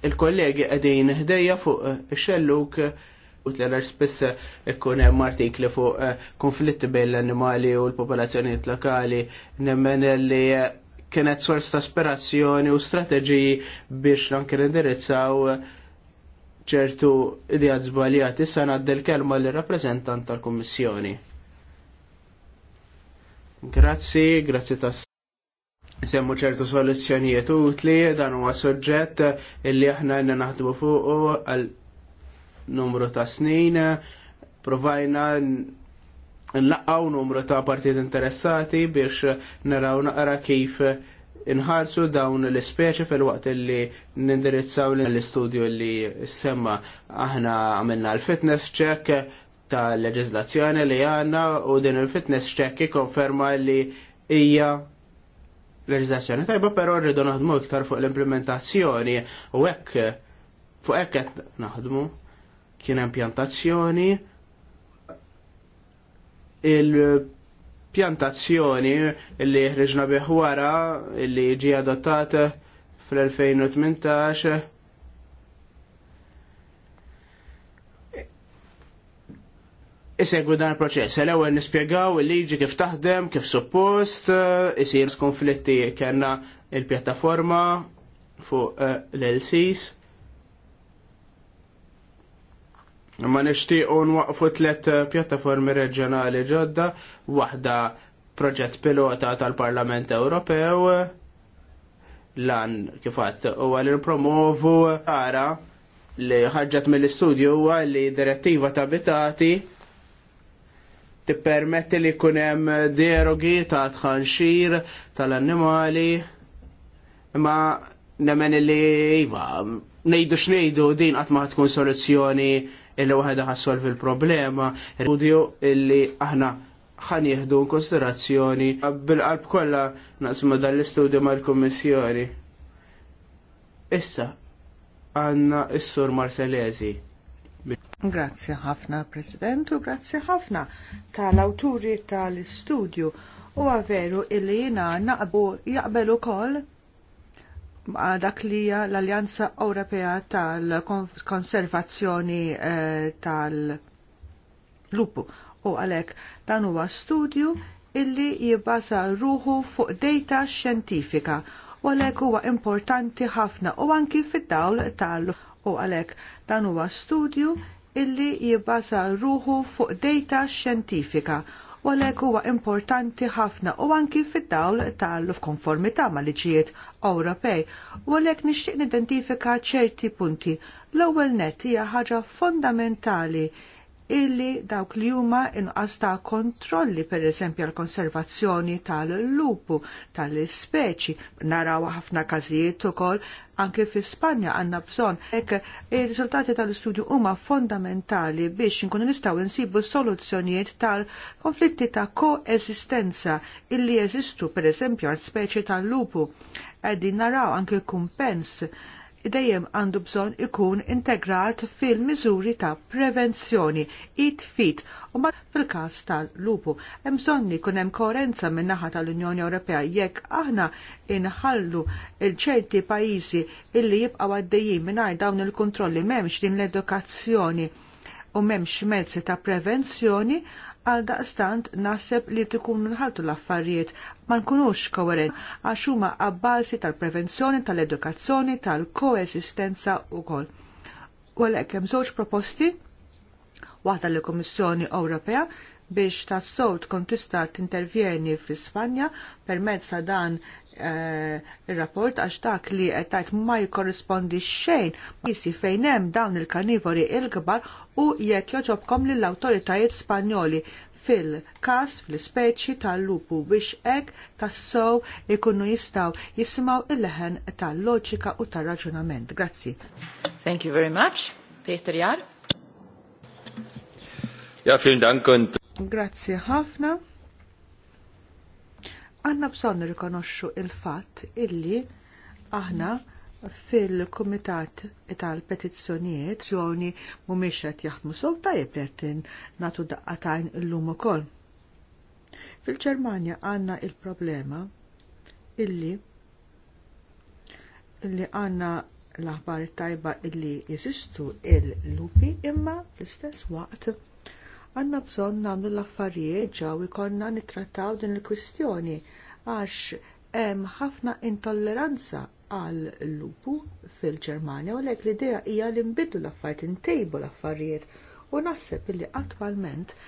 il-kollegi għedin ħdejja fuq xelluk eh, eh, u t lerax spess ikkun eh, hemm artikli fuq konflitti bejn l-annimali u l-popolazzjonijiet lokali nemmen li kienet sors ta' sperazzjoni u strateġiji biex anke indirizzaw ċertu idejat żbaljat. Issa ngħaddi l-kelma l rappresentant tal-Kummissjoni. Grazzi, grazie tas semmu ċertu soluzzjonijiet utli dan huwa suġġett illi aħna għandna naħdmu fuq għal numru ta' snin provajna nlaqgħu numru ta' partit interessati biex naraw naqra kif inħarsu dawn l-ispeċi fil-waqt illi nindirizzaw l-istudju li semma aħna għamilna l-fitness check ta' leġizlazzjoni li għanna u din il-fitness check konferma li hija leġislazzjoni tajba, però rridu naħdmu iktar fuq l-implementazzjoni u hekk fuq hekk qed naħdmu kien hemm pjantazzjoni il-pjantazzjoni li ħriġna bih wara li ġie adottat fl-2018 isegwu dan il-proċess. L-ewwel nispjegaw il-liġi kif taħdem, kif suppost, eh, isir skonflitti kellna il-pjattaforma fuq eh, l-LCs. Ma nixtiequ nwaqfu tliet eh, pjattaformi reġjonali ġodda, waħda proġett pilota tal-Parlament Ewropew, lan kifat u għal promovu għara li ħarġet mill-istudju huwa li direttiva tabitati. bitati tippermetti li jkun hemm derogi ta' tħanxir tal-annimali imma nemmen li iva ngħidu x'ngħidu din qatt ma tkun soluzzjoni illi waħda ħassolvi l-problema, il-studio illi aħna ħan jihdu konsiderazzjoni bil-qalb kollha naqsma dal l-istudju mal-Kummissjoni. Issa għandna is sur Marcellesi. Grazzi ħafna, President, u grazzi ħafna tal-awturi tal-istudju. U għaveru illi jina naqbu jaqbelu kol dak li l-Aljanza Ewropea tal-Konservazzjoni eh, tal-Lupu. U għalek dan huwa studju illi jibbaza ruħu fuq data xjentifika u għalek huwa importanti ħafna u anki fid-dawl tal- u għalek dan huwa studju illi jibbasa ruħu fuq data xjentifika u għalhekk huwa importanti ħafna u anki fid-dawl tal f'konformità ma liġijiet Ewropej u għalhekk nixtieq nidentifika ċerti punti. L-ewwel nett hija ħaġa fondamentali illi dawk li huma inqas ta' kontrolli per eżempju għal konservazzjoni tal-lupu tal-ispeċi. Naraw ħafna każijiet ukoll anke fi Spanja għandna bżonn. Hekk ir-riżultati tal-istudju huma fondamentali biex inkunu nistgħu nsibu soluzzjonijiet tal-konflitti ta' koesistenza illi jeżistu per eżempju għal speċi tal-lupu. Qegħdin naraw anke kumpens dejjem għandu bżonn ikun integrat fil-miżuri ta' prevenzjoni, it-fit, u ma fil-każ tal-lupu. Hemm bżonn ikun hemm koerenza min naħa tal-Unjoni Ewropea jekk aħna inħallu ċerti pajjiżi illi jibqgħu għaddejjin mingħajr dawn il-kontrolli m'hemmx din l-edukazzjoni u memx mezzi ta' prevenzjoni, għal daqstant naħseb li tkunu nħaltu l-affarijiet ma nkunux koherent għax huma abbalsi tal-prevenzjoni, tal-edukazzjoni, tal-koesistenza wkoll. U Għalek, hemm żewġ proposti waħda l kummissjoni Ewropea biex tas-sowt kontista tista' intervjeni fl-Ispanja permezz ta' dan il-rapport eh, għax dak li qed ma jkorrispondi xejn jisi fejn hemm dawn il kanivori il-kbar u jekk joġobkom lill awtoritajiet Spanjoli fil każ fl-ispeċi tal-lupu biex hekk tassew ikunu jistgħu jisimgħu il-leħen tal-loġika u tar-raġunament. Grazzi. Thank you very much. Peter Jar. Ja, Dank und Grazie ħafna. Għanna bżon rikonoxxu il-fatt illi aħna fil-Kumitat tal-Petizzjonijiet ġoni mhumiex qed jaħdmu sew tajjeb qed nagħtu daqqatajn illum ukoll. Fil-Ġermanja għandna il-problema illi illi għandna l-aħbar tajba illi jeżistu il-lupi imma fl-istess waqt Għanna bżon namlu l-affarijiet ġaw ikonna nitrattaw din il-kwistjoni għax hemm ħafna intolleranza għal lupu fil-Ġermanja u lek l-idea hija li nbiddu l-affarijiet intejbu l-affarijiet u naħseb li attwalment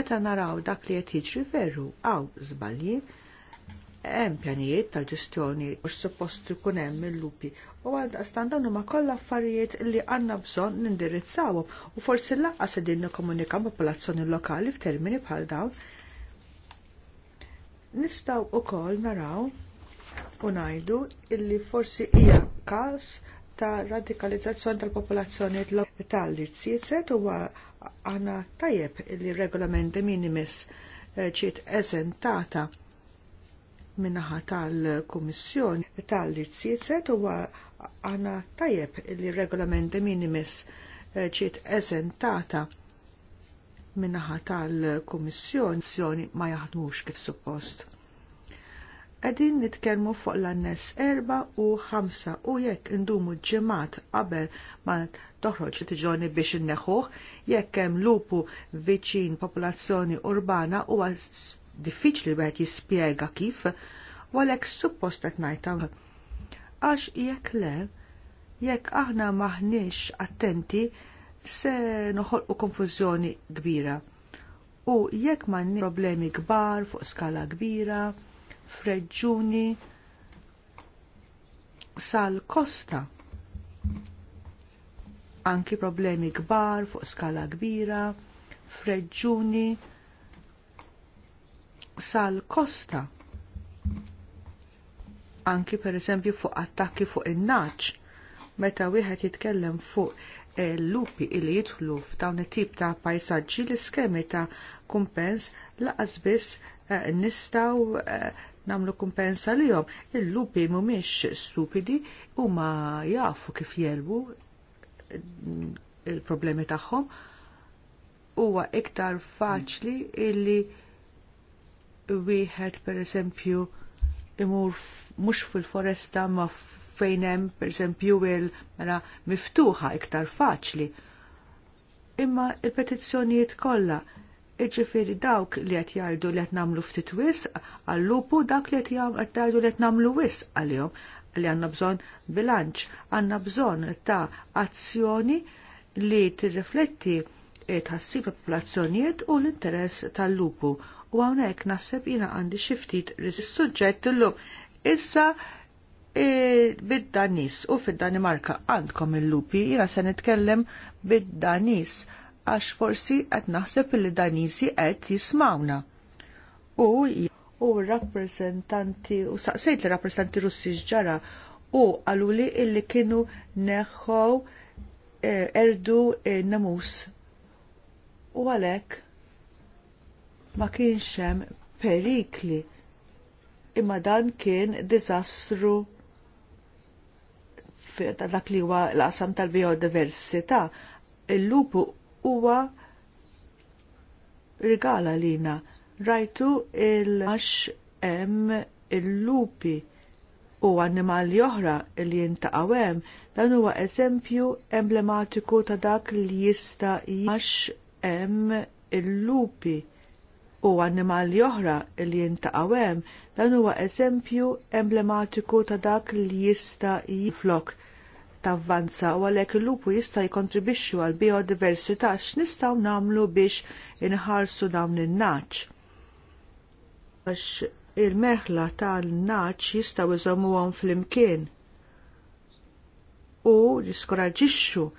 meta naraw dak li qed jiġri veru għaw żbalji hemm pjanijiet tal-ġestjoni u suppost ikun hemm il-lupi. U għaldaqstan dawn huma kollha affarijiet li għandna bżonn nindirizzawhom u forsi laqqas qegħdin nikkomunika popolazzjoni lokali f'termini bħal dawn. Nistgħu wkoll naraw u ngħidu illi forsi hija każ ta' radikalizzazzjoni tal-popolazzjoni tal lirzijiet huwa għana tajjeb li regolamenti minimis ċiet eh, eżentata minnaħa tal-Kummissjoni tal-Irsiet huwa għana tajjeb li regolamenti minimis ċiet eh, eżentata minnaħa tal-Kummissjoni ma jaħdmux kif suppost. Qegħdin nitkellmu fuq l-annes 4 u 5 u jekk indumu ġemat qabel ma toħroġ li tiġoni biex inneħuh, jekk hemm lupu viċin popolazzjoni urbana huwa diffiċli wieħed jispjega kif, u għalhekk suppost qed ngħid Għax jekk le, jekk aħna maħniex attenti se noħolqu konfużjoni kbira. U jekk m'għandniex problemi kbar fuq skala kbira, freġġuni, sal-kosta. Anki problemi kbar fuq skala kbira, freġġuni, sal-kosta. Anki pereżempju fuq attakki fuq in-naċ, meta wieħed jitkellem fuq eh, lupi li jidħlu f'dawn it-tip ta' pajsaġġi l-iskemi ta' kumpens laqas biss eh, nistgħu eh, nagħmlu kumpens għalihom. Il-lupi mhumiex stupidi huma jafu kif jelbu il-problemi tagħhom huwa iktar faċli illi wieħed pereżempju imur mhux fil-foresta ma fejn hemm pereżempju il mela miftuħa iktar faċli. Imma il-petizzjonijiet kollha Iġifiri dawk li qed jgħidu li qed nagħmlu ftit wisq għall-lupu dak li qed jgħidu li qed nagħmlu wisq għalihom li għandna bżonn bilanċ, għandna bżonn ta' azzjoni li tirrifletti eh, tħassib popolazzjonijiet u l-interess tal-lupu u hawnhekk naħseb jiena għandi xi ftit is-suġġett illum issa e, bid-Danis u fid-Danimarka għandkom il-lupi jina se nitkellem bid-Danis għax forsi qed naħseb il Danisi qed jismawna. U u rappresentanti u saqsejt li rappresentanti Russi ġara u għaluli illi kienu neħħow e, erdu e, namus. U għalek ma kienx hemm perikli imma dan kien diżastru dak li huwa l-qasam tal-biodiversità. Il-lupu huwa rigala lina. Rajtu il-għax hemm il-lupi u annimali oħra li jintaqgħu hemm dan huwa eżempju emblematiku ta' dak li jista' jgħax hemm il-lupi u annimali oħra li jintaqgħu hemm dan huwa eżempju emblematiku ta' dak li jista' jiflok tavvanza u għalhekk il-lupu jista' jikontribixxu għal biodiversità x'nistgħu nagħmlu biex inħarsu dawn in-naċ. Għax il meħla tal-naċ jistgħu jżommuhom flimkien u jiskoraġixxu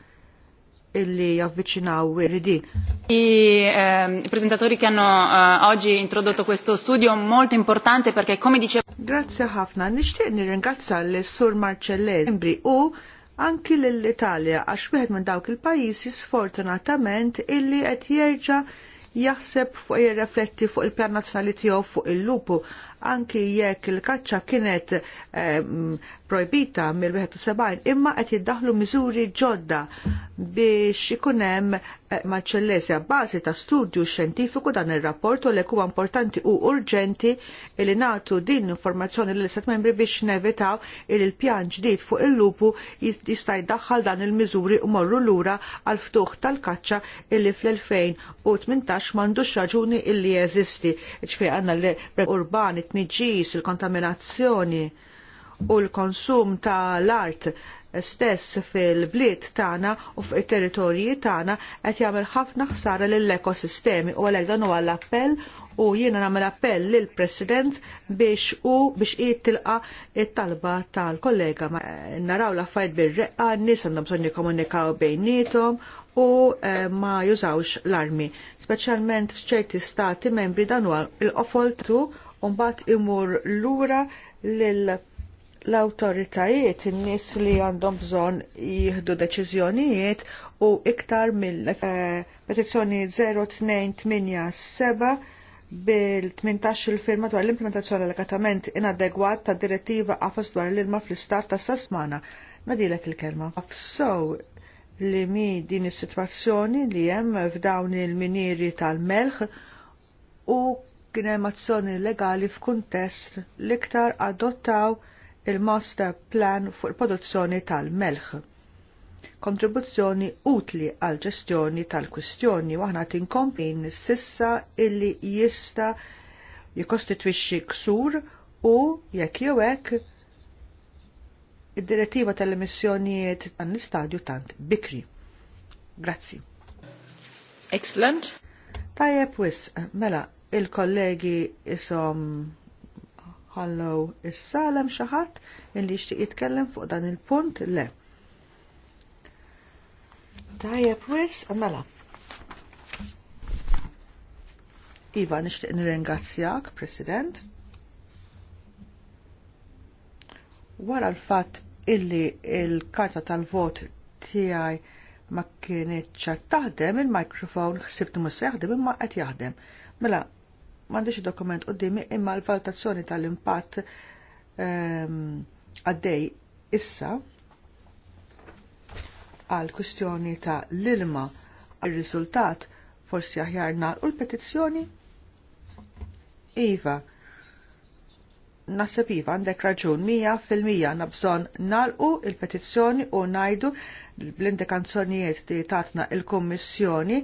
illi javvicinaw irridin. I eh, presentatori che hanno eh, oggi introdotto questo studio molto importante perché come dicevo... Grazie ħafna, nishtiq nirringazza l-Sur Marcellesi membri u anki l-Italja għax wieħed minn dawk il-pajjiżi sfortunatament illi qed jerġa' jaħseb fuq jirrefletti fuq il-pjan nazzjonali tiegħu fuq il-lupu anki jekk il-kaċċa kienet eh, projbita mill-71 imma qed jiddaħlu miżuri ġodda biex ikun hemm eh, marċellesja bażi ta' studju xjentifiku dan ir-rapport u lek huwa importanti u urġenti li nagħtu din l-informazzjoni lil set membri biex nevitaw il il-pjan ġdid fuq il-lupu jista' jdaħħal dan il-miżuri u morru lura għal ftuħ tal-kaċċa illi fl-2018 m'għandux raġuni illi jeżisti. Ġifier għandna l-urbani, t-niġis, il-kontaminazzjoni u l-konsum tal-art stess fil-bliet tagħna u fuq it-territorji tagħna qed jagħmel ħafna ħsara lill-ekosistemi u għalhekk dan huwa l-appell u jiena nagħmel appell lil president biex u biex qiegħed tilqa' it-talba tal-kollega. Eh, naraw l-affarijiet bir-reqqa, n-nies għandhom bżonn jikkomunikaw bejniethom u eh, ma jużawx l-armi. Speċjalment f'ċerti stati membri dan huwa l-qofol tu u mbagħad imur lura lil l-autoritajiet, in-nies li għandhom bżonn jieħdu deċiżjonijiet u iktar mill-petizzjoni 0287 bil-18 il-firma dwar l-implementazzjoni l-katament inadegwat ta' direttiva għafas dwar l-ilma fl-istat ta' sasmana. Nadilek il-kelma. Afsow li mi din is-sitwazzjoni li hemm f'dawn il-minieri tal-melħ u kien hemm azzjoni legali f'kuntest l-iktar adottaw il-Master Plan fuq il-produzzjoni tal-melħ. Kontribuzzjoni utli għal ġestjoni tal-kwistjoni waħna tinkompin sissa illi jista jikostitwixxi ksur u jekk jew hekk id-direttiva tal-emissjonijiet tan istadju tant bikri. Grazzi. Excellent. Tajjeb wis, mela, il-kollegi isom ħallow is-salem xi ħadd illi jixtieq jitkellem fuq dan il-punt le. Tajjeb wis mela. Iva nixtieq nirringrazzjak, President. Wara l-fatt illi il-karta tal-vot tiegħi ma kienet taħdem il-mikrofon ħsibt mhux se jaħdem imma qed jaħdem. Mela, m'għandix dokument dimi imma l-valutazzjoni tal-impatt ehm, għaddej issa għal kwistjoni ta' l-ilma għal riżultat forsi aħjarna u l-petizzjoni Iva, nasib Iva għandek raġun mija fil-mija nabżon nalqu il-petizzjoni u najdu l-indikanzjonijiet li tatna il-Kommissjoni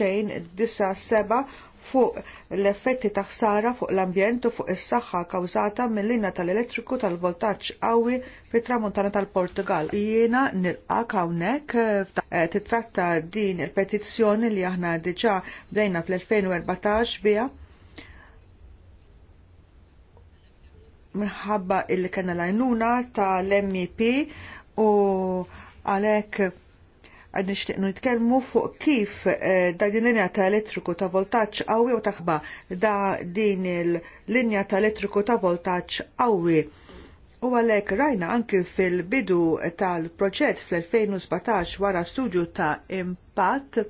ċejn 9-7 fuq l-effetti ta' ħsara fuq l-ambjent u fuq is-saħħa kawżata mill-linja tal-elettriku tal-voltaġġ qawwi fit-tramuntana tal-Portugal. Jiena nilqak hawnhekk eh, titratta din il-petizzjoni li aħna diġà bdejna fl-2014 biha minħabba il-kanalajnuna tal-MEP u għalhekk għad nixtieq nitkellmu fuq kif eh, da din linja ta' elettriku ta' voltaġġ qawwi u taħba da din il-linja ta' elettriku ta' voltaġġ qawwi. U għalek rajna anki fil-bidu tal-proġett fl-2017 wara studju ta' impatt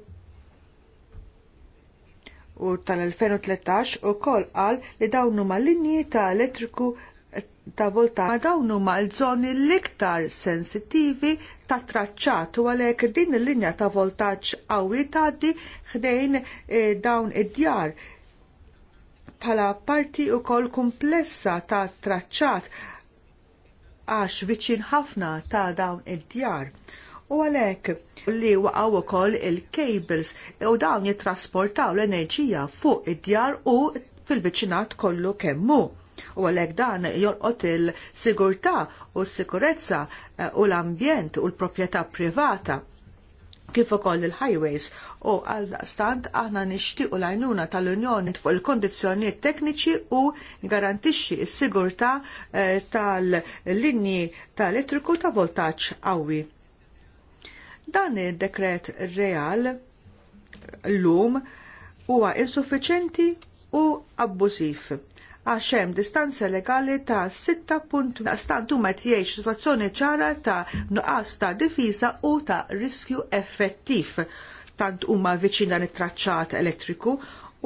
u tal-2013 u kol qal li dawn huma linji ta' elettriku ta' volta dawn huma l-żoni l-iktar sensittivi ta' traċċat u għalhekk din il-linja ta' voltaġġ qawwi tgħaddi ħdejn e, dawn id-djar bħala parti wkoll komplessa ta' traċċat għax viċin ħafna ta' dawn id-djar. U għalhekk li waqgħu wkoll il-cables u dawn jittrasportaw l-enerġija fuq id-djar u fil-viċinat kollu kemm hu U għalhekk dan jolqot il-sigurtà u s-sikurezza eh, u l-ambjent u l-proprjetà privata kif ukoll il-highways u għal stand aħna nixtiequ l-għajnuna tal-Unjoni fuq il-kondizzjonijiet tekniċi u garantixxi s-sigurtà eh, tal-linji tal-elettriku ta' voltaġġ qawwi. Dan id-dekret real l-lum huwa insuffiċenti u abbużiv għax hemm distanza legali ta' 6 punt huma ma jgħix situazzjoni ċara ta' nuqqas ta' difisa u ta' riskju effettiv tant huma viċin dan it-traċċat elettriku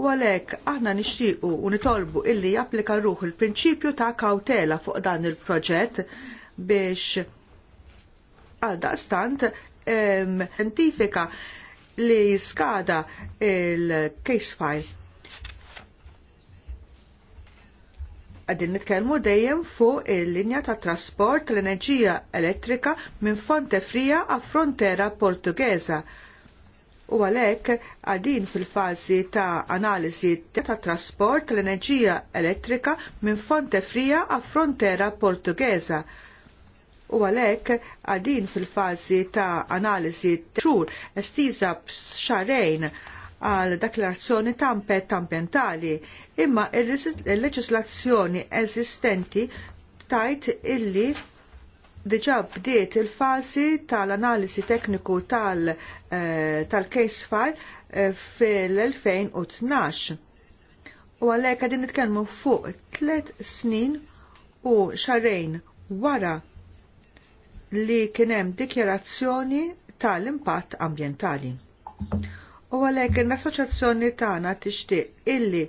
u għalhekk aħna nixtiequ u nitolbu illi japplika ruħ il-prinċipju ta' kawtela fuq dan il-proġett biex għal daqstant scientifika li skada il-case file għaddin nitkellmu dejjem fuq il-linja ta' trasport l enerġija elettrika minn fonte frija għal frontera portugeza. U għalhekk għadin fil-fażi ta' analiżi ta' trasport l enerġija elettrika minn fonte frija għal frontera portugeza. U għalhekk għadin fil-fażi ta' analiżi xhur estiża b'xarejn għal deklarazzjoni ta' impett ambjentali, imma il-leġislazzjoni eżistenti tajt illi diġà bdiet il fażi tal-analisi tekniku eh, tal-case file eh, fil-2012. U għalhekk qegħdin nitkellmu fuq tliet snin u xarejn wara li kien hemm dikjerazzjoni tal-impatt ambjentali. U għalhekk l-assoċjazzjoni tagħna tixtieq illi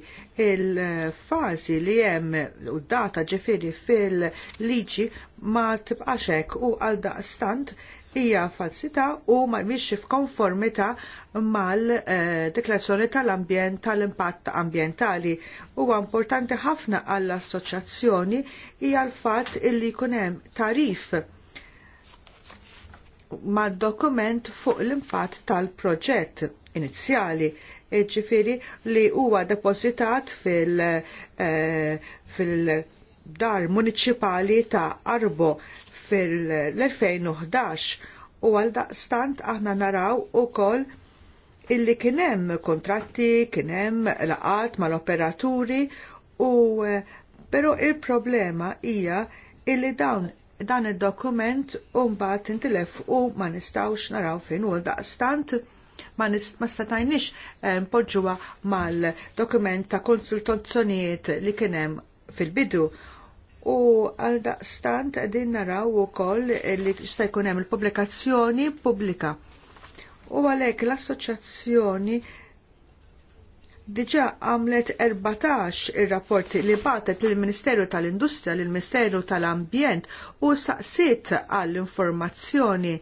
il-fażi li hemm u data ġifieri fil-liġi ma tibqax hekk u għal daqstant hija falsità u ma mhix f'konformità mal-deklarazzjoni tal-ambjent tal-impatt ambjentali. Huwa importanti ħafna għall-assoċjazzjoni hija l-fatt illi jkun hemm tarif mad dokument fuq l-impatt tal-proġett inizjali ġifiri li huwa depositat fil- eh, fil- dar municipali ta' Arbo fil-2011 u għal daqstant aħna naraw u koll illi kienem kontratti, kienem laqat mal-operaturi u eh, pero il-problema hija illi dawn dan id-dokument un bat intilef u ma nistawx naraw fejn u għal daqstant stant ma statajniex eh, poġġuwa mal-dokument ta' konsultazzjonijiet li kienem fil-bidu u għal daqstant din naraw u koll li jista' jkun hemm il-pubblikazzjoni pubblika. U għalhekk l-assoċjazzjoni diġa għamlet 14 ir-rapporti li batet lill-Ministeru tal-Industrija, lill-Ministeru tal-Ambjent u saqsiet għall-informazzjoni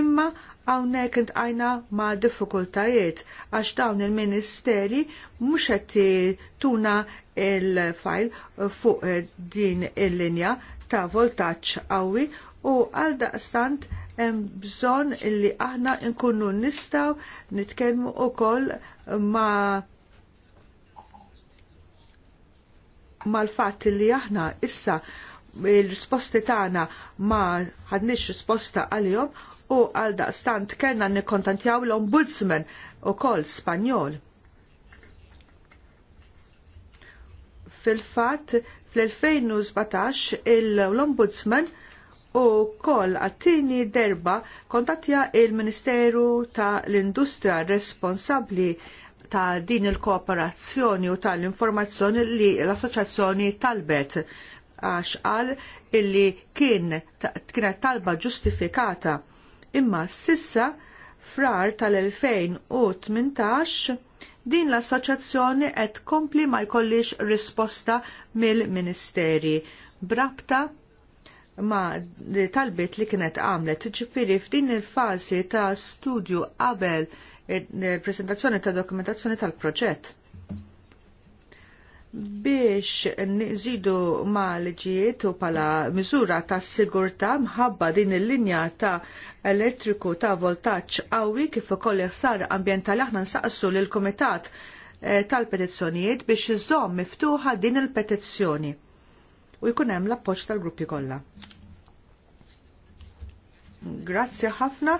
imma hawnhekk intqajna ma' diffikultajiet għax dawn il-Ministeri mhux qed tuna il-fajl fuq eh, din il-linja ta' voltaġġ qawwi u għal daqstant hemm bżonn li aħna nkunu nistgħu nitkellmu wkoll ma' mal fat li aħna issa il-risposti tagħna ma ħadniex risposta għalihom u għal daqstant kellna nikkontantjaw l-ombudsman ukoll Spanjol. Fil-fatt fl-2017 l-ombudsman u koll għattini derba kontattja il-Ministeru ta' l-Industria responsabli ta' din il-kooperazzjoni u tal-informazzjoni li l tal talbet għax qal illi kien kienet talba ġustifikata imma sissa frar tal-2018 din l-assoċjazzjoni qed kompli ma jkollix risposta mill-Ministeri brabta ma talbit li kienet għamlet ġifiri f'din il fasi ta' studju qabel il-presentazzjoni ta' dokumentazzjoni tal-proġett biex nżidu mal liġijiet u pala miżura ta' sigurta mħabba din il-linja ta' elettriku ta' voltaċ qawwi kif ukoll ħsara ambjentali aħna nsaqsu lil kumitat eh, tal-petizzjonijiet biex iżomm miftuħa din il-petizzjoni u jkun hemm l-appoġġ tal-gruppi kollha. Grazzi ħafna.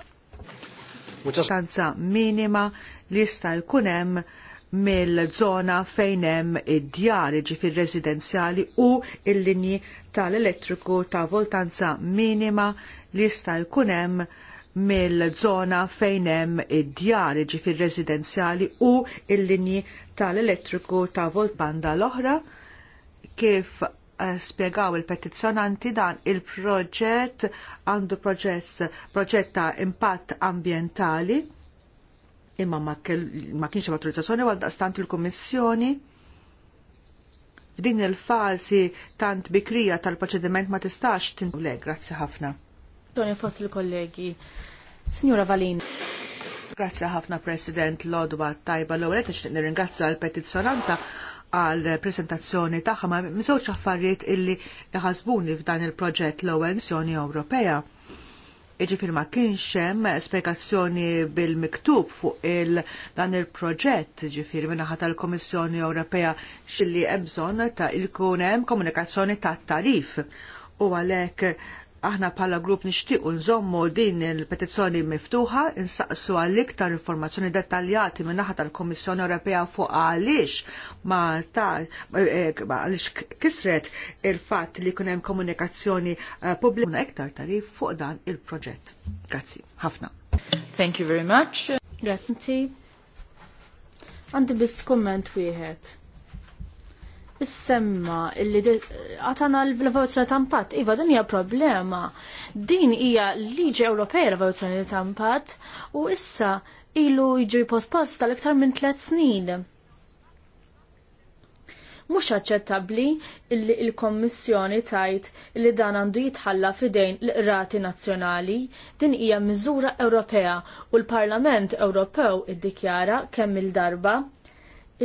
Muċas. minima li jista' jkun hemm mill-żona fejn hemm id-djar ġifir residenzjali u l-linji tal-elettriku ta' voltanza minima li jista' jkun hemm mill-żona fejn hemm id-djar ġifir residenzjali u l-linji tal-elettriku ta' voltanza l-oħra kif eh, spiegaw il-petizzjonanti dan il-proġett għandu proġett ta' impatt ambjentali imma ma kienx autorizzazzjoni għal daqstant il-Kummissjoni f'din il-fażi tant bikrija tal-proċediment ma tistax tinle, grazzi ħafna. Tonja fost il-kollegi. Signora Valin. Grazzi ħafna President Lodwa Tajba Lowret, nixtieq nirringrazza l-petizzjonanta għal presentazzjoni tagħha ma' miżewġ affarijiet illi jħasbuni f'dan il-proġett l-ewwel Ewropea Iġifir ma kienx hemm spjegazzjoni bil-miktub fuq il dan il-proġett ġifir naħa tal-Komissjoni Ewropea xilli hemm ta' il hemm komunikazzjoni ta' tarif u għalhekk aħna bħala grupp nixtiequ nżommu din il-petizzjoni miftuħa, insaqsu għal iktar informazzjoni dettaljati minn naħa tal komissjoni Ewropea fuq għaliex ma ta' eh, għaliex kisret il-fatt li jkun hemm komunikazzjoni eh, pubblika iktar tarif fuq dan il-proġett. Grazzi, ħafna. Thank you very much. Grazzi. Għandi bist komment wieħed semma illi għatana l-valutazzjoni ta' Iva, din hija problema. Din hija liġi Ewropea l-valutazzjoni ta' impatt u issa ilu jiġu pospost tal-iktar minn tliet snin. Mhux aċċettabbli illi l-Kommissjoni tajt li dan għandu jitħalla fidejn l-qrati nazzjonali, din hija miżura Ewropea u l-Parlament Ewropew iddikjara kemm il-darba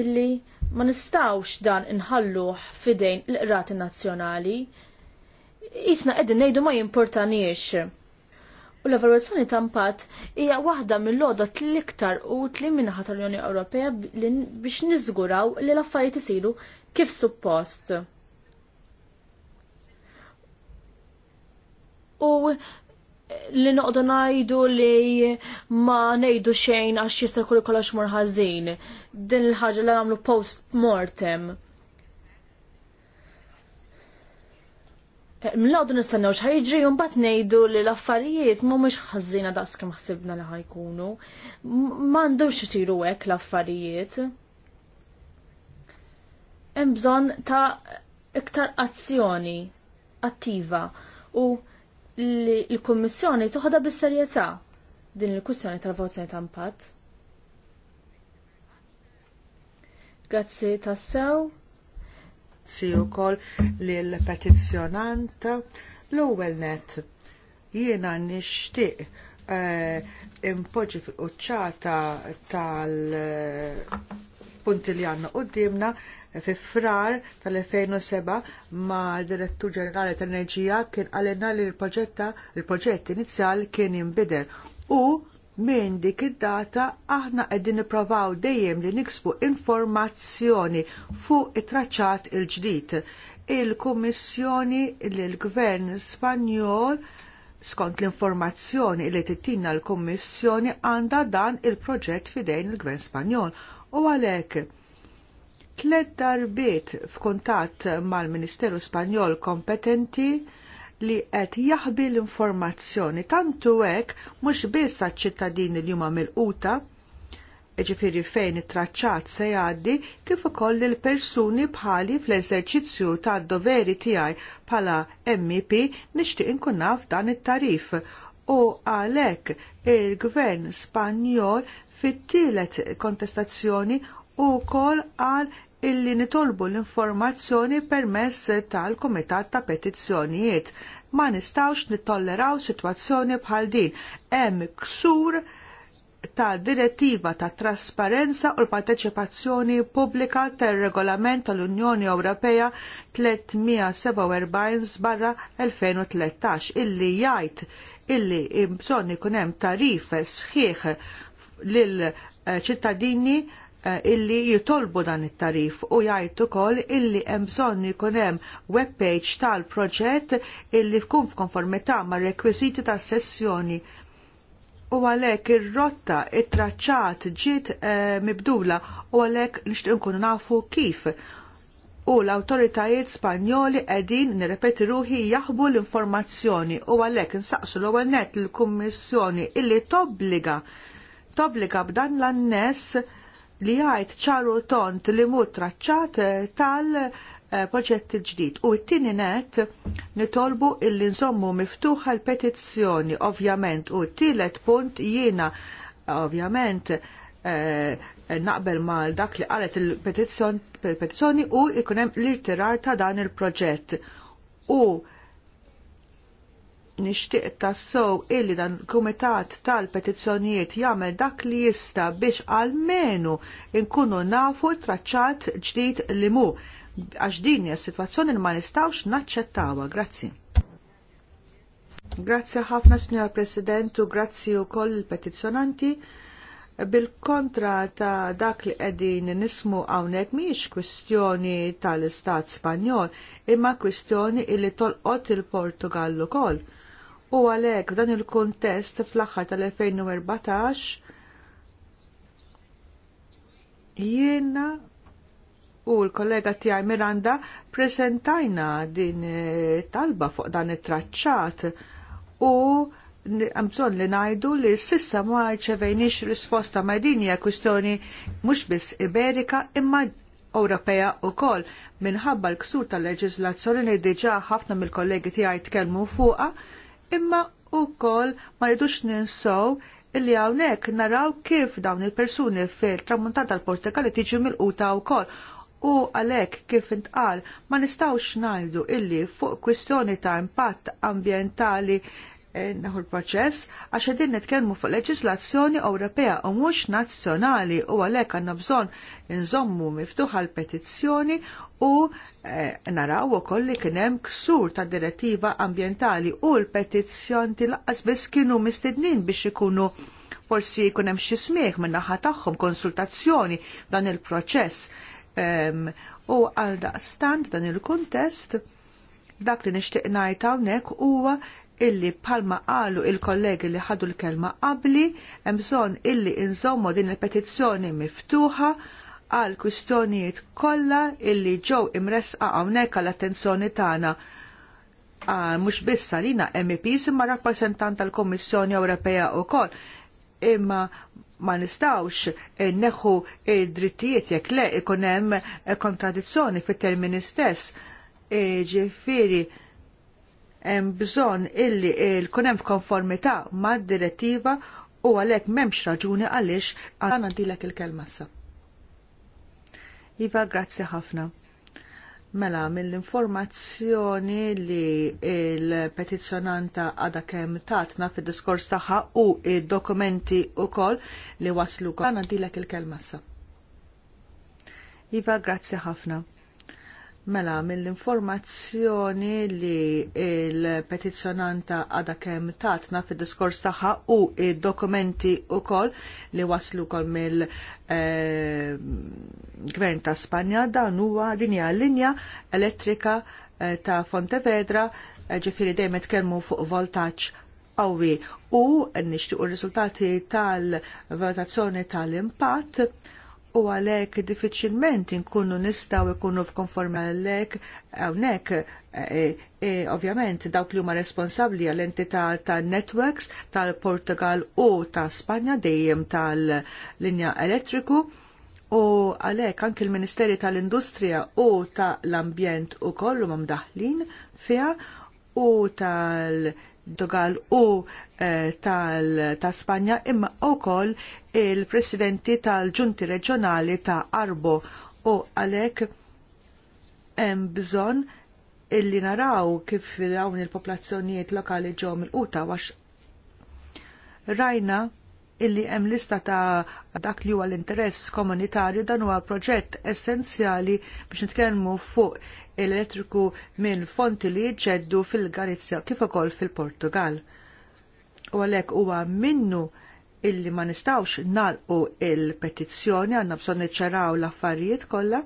illi Ma nistawx dan inħalluh fidejn l-qrati nazzjonali. Isna qegħdin ngħidu ma jimportaniex. U l-evalwazzjoni ta' impatt hija waħda mill-lodot l-iktar utli minnaħa tal-Unjoni Ewropea biex niżguraw li l-affarijiet isiru kif suppost. U li noqdu najdu li ma nejdu xejn għax jista' jkun kollox morħażin. Din il ħagġa li għamlu post mortem. Eh, Mlawdu nistennew xħajġri un bat nejdu li l-affarijiet mhumiex ħażina daqs kemm ħsibna li ħajkunu. M'għandux isiru hekk l-affarijiet. Hemm bżonn ta' iktar azzjoni attiva u li l-Kummissjoni toħodha bis-serjetà din il-kwistjoni tal votjoni ta' impatt. Grazzi tassew. Si wkoll lil petizzjonant l-ewwel net jiena nixtieq eh, impoġġi fil-quċċata tal-punti eh, li għandna qudiemna fi frar tal-2007 ma' direttur ġenerali tal-enerġija kien għalena li l-proġetta l-proġett inizjal kien inbidel. u minn dik id-data aħna qegħdin nipprovaw dejjem li niksbu informazzjoni fuq it-traċċat il-ġdid. Il-Kummissjoni lill l-Gvern Spanjol skont l-informazzjoni li tittina l-Kummissjoni għandha dan il-proġett fidejn il-Gvern Spanjol u għalhekk tlet darbiet f'kuntatt mal-Ministeru Spanjol kompetenti li qed jaħbi l-informazzjoni tantu hekk mhux biss għaċ-ċittadini li huma milquta ġifiri fejn it-traċċat se jgħaddi kif ukoll il persuni bħali fl-eżerċizzju tad doveri tiegħi bħala MEP nixtieq inkun naf dan it-tarif u għalhekk il-Gvern Spanjol fit-tielet kontestazzjoni u wkoll għal illi nitolbu l-informazzjoni permess tal-Komitat ta' Petizzjonijiet. Ma nistawx nittolleraw situazzjoni bħal din. Hemm ksur ta' direttiva ta' trasparenza u l-parteċipazzjoni pubblika tar regolament tal-Unjoni Ewropea 347 barra 2013 illi jgħid illi bżonn ikun hemm tarif sħiħ lil eh, ċittadini uh, Eh, illi jitolbu dan it-tarif u jgħid ukoll illi hemm bżonn ikun hemm webpage tal-proġett illi tkun f'konformità mar-rekwiżiti tas-sessjoni u għalhekk ir-rotta it-traċċat ġiet eh, mibdula u għalhekk nixtieq nkunu nafu kif u l-autoritajiet Spanjoli qegħdin nirrepeti ruħi jaħbu l-informazzjoni u għalhekk insaqsu l-ewwel nett l-Kummissjoni illi tobbliga tobbliga b'dan l-anness li jgħid ċaru tont li mu traċċat eh, tal-proġett il-ġdid. U t-tini net nitolbu illi nżommu miftuħa l-petizzjoni, ovvjament, u t-tielet punt jiena, ovvjament, eh, naqbel ma dak li qalet il-petizzjoni u ikunem l-irtirar ta' dan il-proġett. U nixtieq tassow illi dan kumitat tal-petizzjonijiet jagħmel dak li jista' biex almenu nkunu nafu traċċat ġdid li mu għax din hija sitwazzjoni li ma nistgħux naċċettawha. Grazzi. Grazzi ħafna Sinjor President u grazzi wkoll il-petizzjonanti. Bil-kontra ta' dak li qegħdin nismu hawnhekk mhijiex kwistjoni tal-Istat Spanjol, imma kwistjoni li tolqot il-Portugal ukoll u għalhekk f'dan il-kuntest fl-aħħar tal-2014 jiena u l-kollega tiegħi Miranda presentajna din e, talba fuq dan it-traċċat u għamżon li ngħidu li sissa ma rċevejniex risposta ma' din hija kwistjoni mhux biss Iberika imma Ewropea wkoll minħabba l-ksur tal leġizlazzjoni li diġa' ħafna mill-kollegi tiegħi tkellmu fuqha imma wkoll ma jidux ninsow illi hawnhekk naraw kif dawn il-persuni fil-tramuntata tal portekali tiġu mill-quta wkoll. U għalhekk kif intqal ma nistgħux ngħidu illi fuq kwistjoni ta' impatt ambjentali naħu l-proċess għax qegħdin nitkellmu fuq leġislazzjoni Ewropea u mhux nazzjonali u għalhekk għandna bżonn inżommu miftuħa l-petizzjoni u eh, naraw ukoll li kien hemm ksur ta' direttiva ambjentali u l petizzjoni tilqas biss kienu mistednin biex ikunu forsi jkun hemm xi smieħ minn naħa tagħhom konsultazzjoni dan il-proċess. Ehm, u għal daqstant dan il-kuntest dak li nixtieq ngħid hawnhekk huwa illi bħalma qalu il-kollegi li ħadu l-kelma qabli, hemm bżonn illi inżommu din il-petizzjoni miftuħa għal kwistjonijiet kollha illi ġew imresqa hawnhekk għall attenzjoni tagħna. Ah, mhux biss għalina MEPs imma rappreżentant tal-Kummissjoni Ewropea wkoll. Imma ma nistawx neħu id-drittijiet jekk le ikun hemm kontradizzjoni fit-termini stess. E, Ġifieri, hemm bżonn illi jkun hemm f'konformità mad-direttiva u għalhekk m'hemmx raġuni għaliex għandna dilek il-kelma sa. Iva, grazzi ħafna. Mela, mill-informazzjoni li il-petizjonanta għada kem tatna fid diskors taħħa u il dokumenti u kol li waslu kol. Għana dilek il-kelma sa. Iva, grazzi ħafna Mela, mill-informazzjoni li il-petizjonanta għada kem tatna fid diskors taħħa u id-dokumenti u koll li waslu koll mill-gvern eh, ta' Spanja dan huwa dinja linja elettrika eh, ta' Fontevedra eh, ġifiri dejjem tkellmu fuq voltaġġ qawwi u nixtiequ r-riżultati tal-valutazzjoni tal-impatt u għalhekk diffiċilment inkunu nistaw ikunu f'konformi għalek hawnhekk e, e, ovvjament dawk li huma responsabbli għall entità tal networks tal-Portugal u ta' Spanja dejjem tal-linja elettriku u għalhekk anki l-Ministeri tal-Industrija u tal-Ambjent ukoll huma mdaħlin fiha u tal- Portugal u eh, tal, ta' Spanja imma wkoll il-presidenti tal-ġunti reġjonali ta' Arbo u għalhekk hemm bżonn illi naraw kif dawn il-popolazzjonijiet lokali ġew il quta għax rajna illi hemm lista ta' dak li huwa l-interess komunitarju dan huwa proġett essenzjali biex nitkellmu fuq elettriku minn fonti li jġeddu fil-Galizja kif ukoll fil-Portugal. U għalhekk huwa minnu illi ma nistawx nalqu il-petizzjoni għandna bżonn niċċaraw l-affarijiet kollha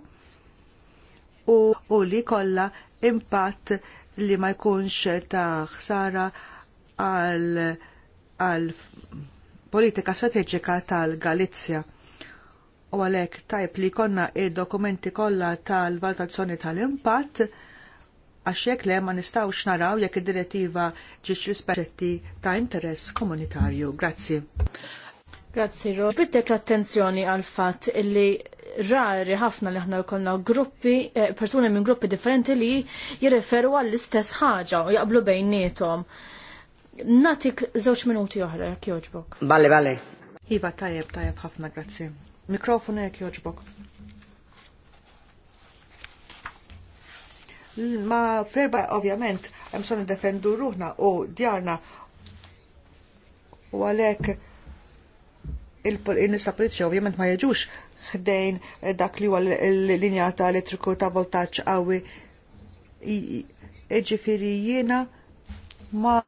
u, u li kollha impatt li ma jkunx ta' ħsara għal politika strateġika tal-Galizja. U għalhekk tajb li jkollna id-dokumenti kollha tal-valutazzjoni tal-impatt għax jekk le ma nistgħux naraw jekk id-direttiva ġiex rispetti ta' interess komunitarju. Grazzi. Grazzi Ro. Bittek l-attenzjoni għal fatt illi rari ħafna li ħna jkollna gruppi, eh, persuni minn gruppi differenti li jirreferu għall-istess ħaġa u jaqblu bejnietom. Natik żewġ minuti oħra jekk joġbok. Vale, vale. Iva, tajab, tajjeb, ħafna grazzi. Mikrofonu jekk joġbok. Ma ferba, ovvjament, hemm defendu ruħna u djarna u għalhekk il nista polizija ovvjament ma jeġux ħdejn dak li huwa l-linja ta' elettriku ta' voltaġġ qawwi. E Ġifieri jiena ma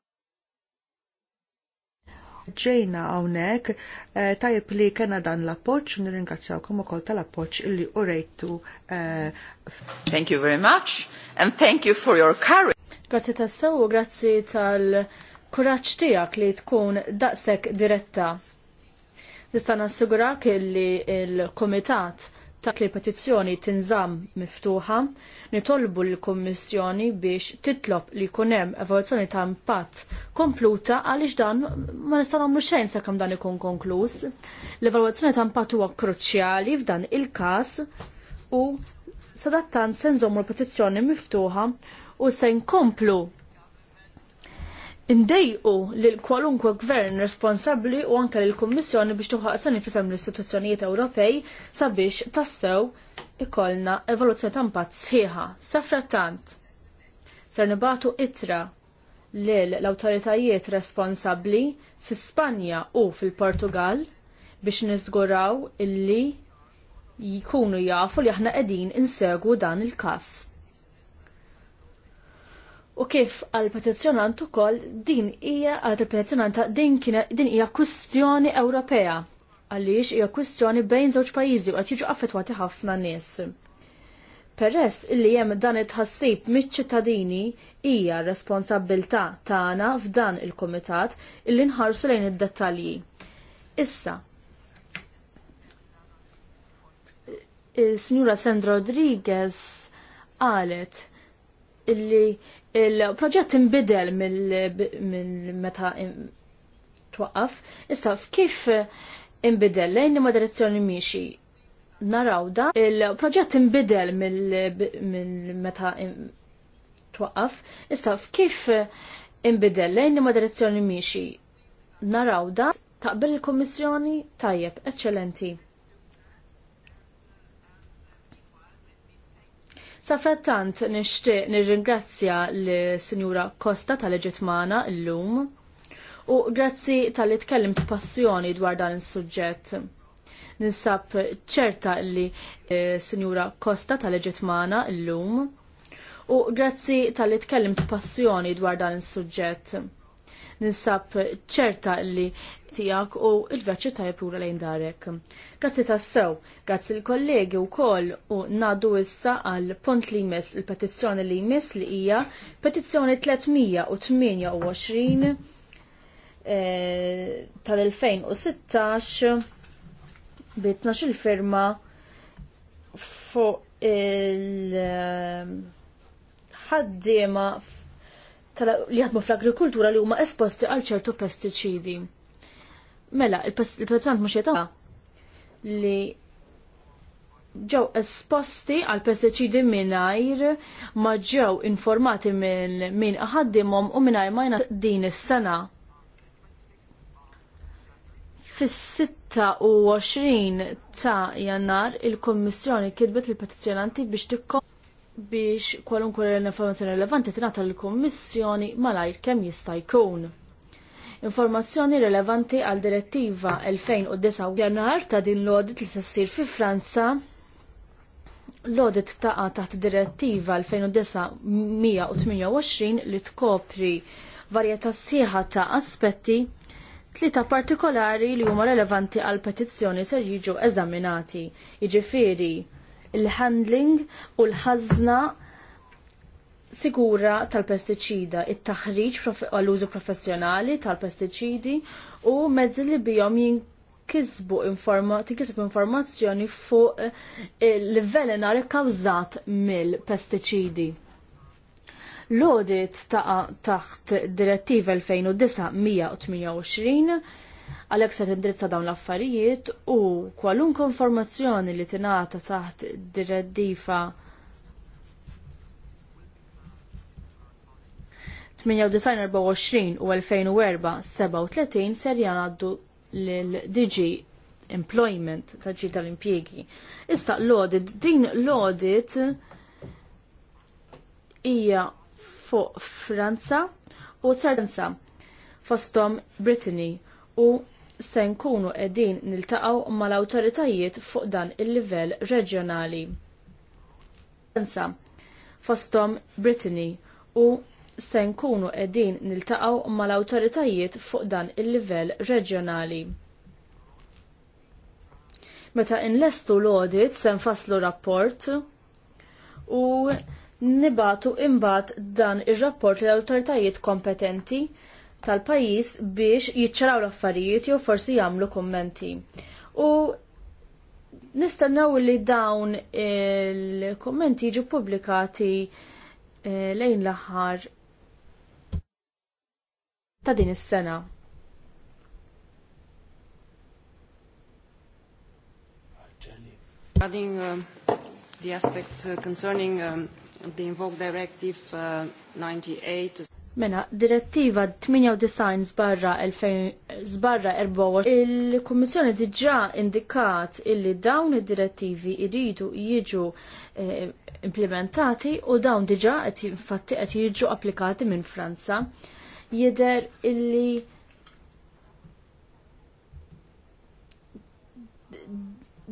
ġejna hawnhekk eh, tajb li kena dan l-appoġġ u nirringrazzjawkom ukoll tal-appoġġ illi u rejtu. Eh, thank you very much and thank you for your courage. Grazzi tassew u grazzi tal-kuraġġ tiegħek li tkun daqshekk diretta. Nista' nassigurak illi il-Kumitat il komitat il kumitat ta' li petizzjoni tinżam miftuħa, nitolbu l-Kommissjoni biex titlob li kunem evoluzzjoni ta' impatt kompluta għaliex dan ma nista' nagħmlu xejn sakemm dan ikun konkluż. L-evalwazzjoni ta' impatt huwa kruċjali f'dan il-każ u sadattan se nżommu l-petizzjoni miftuħa u se nkomplu indejqu lil kwalunkwe gvern responsabbli u anke lill kummissjoni biex tuħaq sani fisem l-istituzzjonijiet Ewropej sabiex tassew ikollna evoluzzjoni ta' impatt sħiħa. Safrattant, ser nibatu itra lil l-awtoritajiet responsabbli fi Spanja u fil-Portugal biex niżguraw illi jkunu jafu li aħna qegħdin insegu dan il-każ. U kif għal petizjonant ukoll din hija għal petizjonanta din kienet din hija kwistjoni Ewropea għaliex hija kwistjoni bejn żewġ pajjiżi u qed jiġu affettwati ħafna nies. Peress illi hemm dan it-ħassib miċ-ċittadini hija responsabilta tagħna f'dan il-kumitat illi nħarsu lejn id-dettalji. Issa, il-Sinjura Sandra Rodriguez qalet illi il-proġett imbidel mill-meta twaqqaf. istaf kif imbidel lejn il moderazzjoni miexi naraw da il-proġett imbidel mill-meta twaqqaf. istaf kif imbidel lejn il moderazzjoni miexi naraw da taqbel il-Kommissjoni tajjeb, eċċellenti. Safrattant nixtieq nirringrazzja l-Sinjura Costa tal Mana illum u grazzi tal-li tkellimt passjoni dwar dan is-suġġett ninsab ċerta li e, Sinjura Costa tal-ġetmana l-lum u grazzi tal-li tkellimt passjoni dwar dan il-sujġett ninsab ċerta li tijak u il-veċi tajb lura lejn darek. Grazzi tas-sew, grazzi l-kollegi u koll u nadu issa għal punt li jmiss il-petizzjoni li jmiss li hija petizzjoni 328 tal-2016 bi 12 firma fuq il-ħaddiema li jaħdmu fl-agrikultura li huma esposti għal ċertu pestiċidi. Mela, il-pezzant mhux jeta li ġew esposti għal pestiċidi mingħajr ma ġew informati minn min ħaddimhom u mingħajr ma din is-sena. Fis-26 ta' Jannar il-Kommissjoni kitbet il-petizzjonanti biex tikkom biex kwalunkwe l-informazzjoni rilevanti tingħata lill-Kummissjoni malajr kemm jista' jkun. Informazzjoni rilevanti għal direttiva 2009 jannar ta' din l-audit li se ssir fi Franza l-audit taqa taħt direttiva 2009-128 li tkopri varjetà sħiħa ta' aspetti tlita partikolari li huma relevanti għal petizzjoni ser jiġu eżaminati. Jiġifieri il-handling u l-ħazna sigura tal-pestiċida, it-taħriġ għall-użu professjonali tal-pestiċidi u mezzi li bijom jinkisbu informazzjoni fuq eh, il-velenar kawżat mill-pestiċidi. L-audit taqa taħt direttiva 2009-128 għalhekk se tindrizza dawn l-affarijiet u kwalunkwe informazzjoni li tingħata taħt direttiva 98-24 u 2004-37 ser jgħaddu l-DG Employment ta' ġi tal-impjegi. Issa l-audit, din l-audit hija fuq Franza u Serenza fostom Brittany u se nkunu qegħdin niltaqgħu mal-awtoritajiet fuq dan il-livell reġjonali. Franza, fosthom Brittany u se nkunu qegħdin niltaqgħu mal-awtoritajiet fuq dan il-livell reġjonali. Meta inlestu l-audit se nfasslu rapport u nibatu imbagħad dan ir-rapport l-awtoritajiet kompetenti tal-pajis biex jiċċaraw l-affarijiet jew forsi jagħmlu kummenti. U nistennew li dawn il-kummenti jiġu pubblikati eh, lejn l-aħħar ta' din is-sena. Regarding uh, the aspects uh, concerning um, the Invoke Directive uh, 98. Mena, direttiva 98 sbarra 2024 il-Kommissjoni diġa indikat illi dawn id-direttivi iridu jiġu eh, implementati u dawn diġa għet infatti qed jiġu applikati minn Franza. Jider illi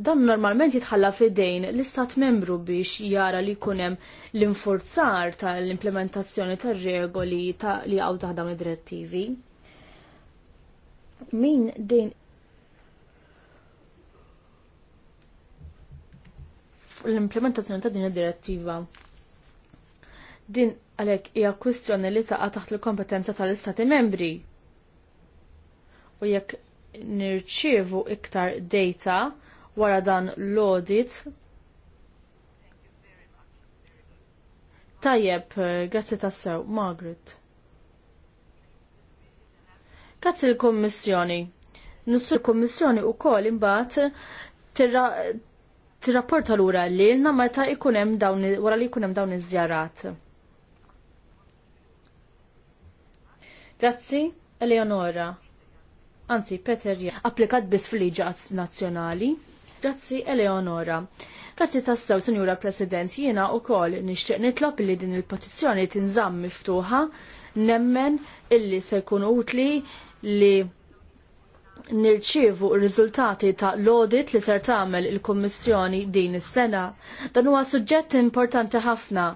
dan normalment jitħalla fidejn l-istat membru biex jara li kunem l-infurzar tal-implementazzjoni tal-regoli ta' li għaw taħdam id-direttivi. Min din l-implementazzjoni ta' din id-direttiva din għalek hija kwistjoni li taqa' taħt il-kompetenza tal-istati membri. U jekk nirċievu iktar data wara dan l-audit. Tajjeb, grazzi tassew, Margaret. Grazzi l-Kommissjoni. Nissu l-Kommissjoni u kol imbat tirrapporta l-ura li l-na ikunem dawn, wara li ikunem dawn iż-żjarat. Grazzi, Eleonora. Anzi, Peter, applikat bis fil-liġa nazzjonali. Grazzi Eleonora. Grazzi tassew, Senjura President, jiena u kol nishtiq nitlob li din il-petizzjoni tinżamm miftuħa nemmen illi se jkun utli li nirċievu r-riżultati ta' l-audit li ser tagħmel il-Kummissjoni din is-sena. Dan huwa suġġett importanti ħafna.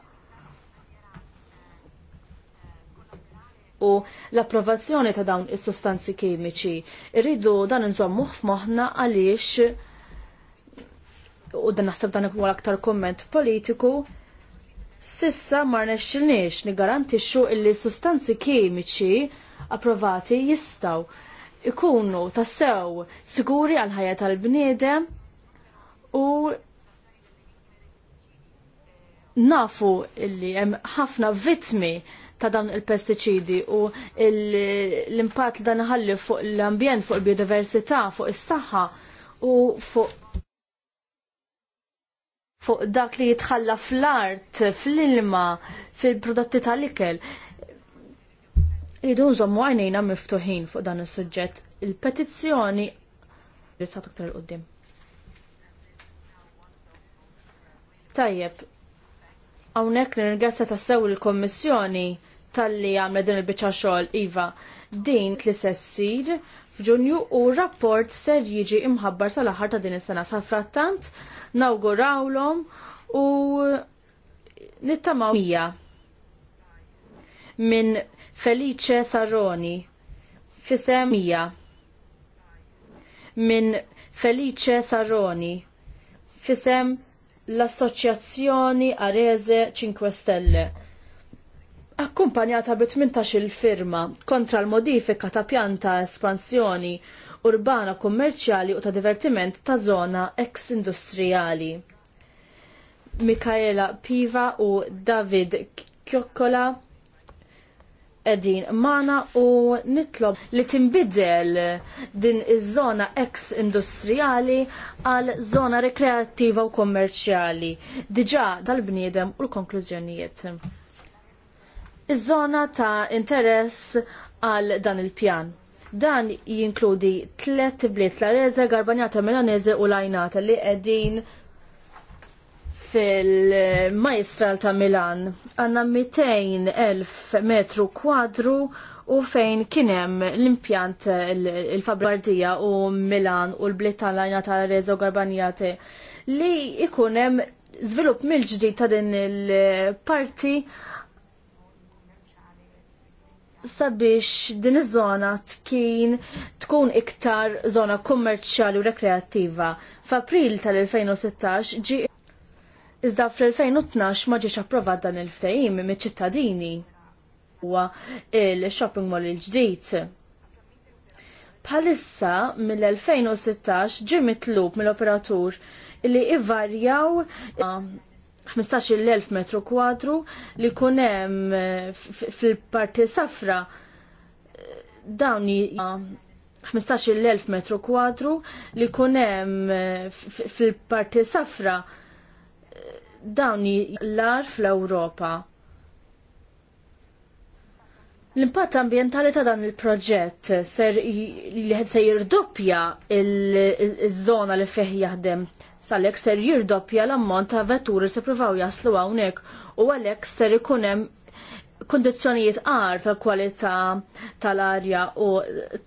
u l-approvazzjoni ta' dawn is-sostanzi kimiċi. Irridu dan nżommuh f'moħħna għaliex u dan naħseb dan huwa aktar komment politiku, sissa ma rnexxilniex nigarantixxu illi sustanzi kimiċi approvati jistaw ikunu tassew siguri għal ħajja tal-bniedem u nafu illi hemm ħafna vittmi ta' dawn il-pestiċidi u l-impatt li dan ħalli fuq l-ambjent, fuq il-biodiversità, fuq is-saħħa u fuq fuq dak li jitħalla fl-art, fl-ilma, fil-prodotti tal-ikel. Rridu nżommu għajnejna miftuħin fuq dan is-suġġett. Il-petizzjoni li sa aktar qoddim. Tajjeb, hawnhekk ta' sew il-Kommissjoni talli għamlet din il-biċċa xogħol iva din li se ssir f'Ġunju u rapport ser jiġi imħabbar sal-aħħar ta' din is-sena sa' frattant nawgurawlhom u nittamaw mija minn Felice Saroni fisem mija minn Felice Saroni fisem l-Assoċjazzjoni Arese 5 Stelle akkumpanjata bi 18 firma kontra l-modifika ta' pjanta espansjoni urbana kummerċjali u ta' divertiment ta' zona ex-industrijali. Mikaela Piva u David Kjokkola edin mana u nitlob li timbidel din iż-żona ex industrijali għal zona rekreattiva u kommerċjali. Diġà dal-bniedem u l-konklużjonijiet iż-żona ta' interess għal dan il-pjan. Dan jinkludi tlet bliet Lareze, Garbanjata Milanese u Lajnata li qegħdin fil-majstral ta' Milan. Għanna 200.000 metru kwadru u fejn kienem l-impjant il fabardija u Milan u l-bliet tal lajnata tal u Garbanjate li ikunem zvilup mill-ġdid ta' din il-parti sabiex din iż-żona tkien tkun iktar żona kummerċjali u rekreattiva. F'April tal-2016 ġi iżda fl-2012 ma ġiex approvat dan il-ftehim miċ-ċittadini huwa il-shopping mall il-ġdid. Bħalissa mill-2016 ġi mitlub mill-operatur li ivarjaw 15.000 metru kwadru li kunem eh, fil-parti safra eh, dawn 15.000 metru kwadru li kunem eh, fil-parti safra dawn l-ar fl-Europa. L-impatt ambientali ta' dan il-proġett ser li se jirdoppja il-żona li feħ jaħdem Salek ser jirdoppja l-ammont ta' vetturi se provaw jaslu hawnhekk u għalhekk ser ikun hemm għar tal-kwalità tal-arja u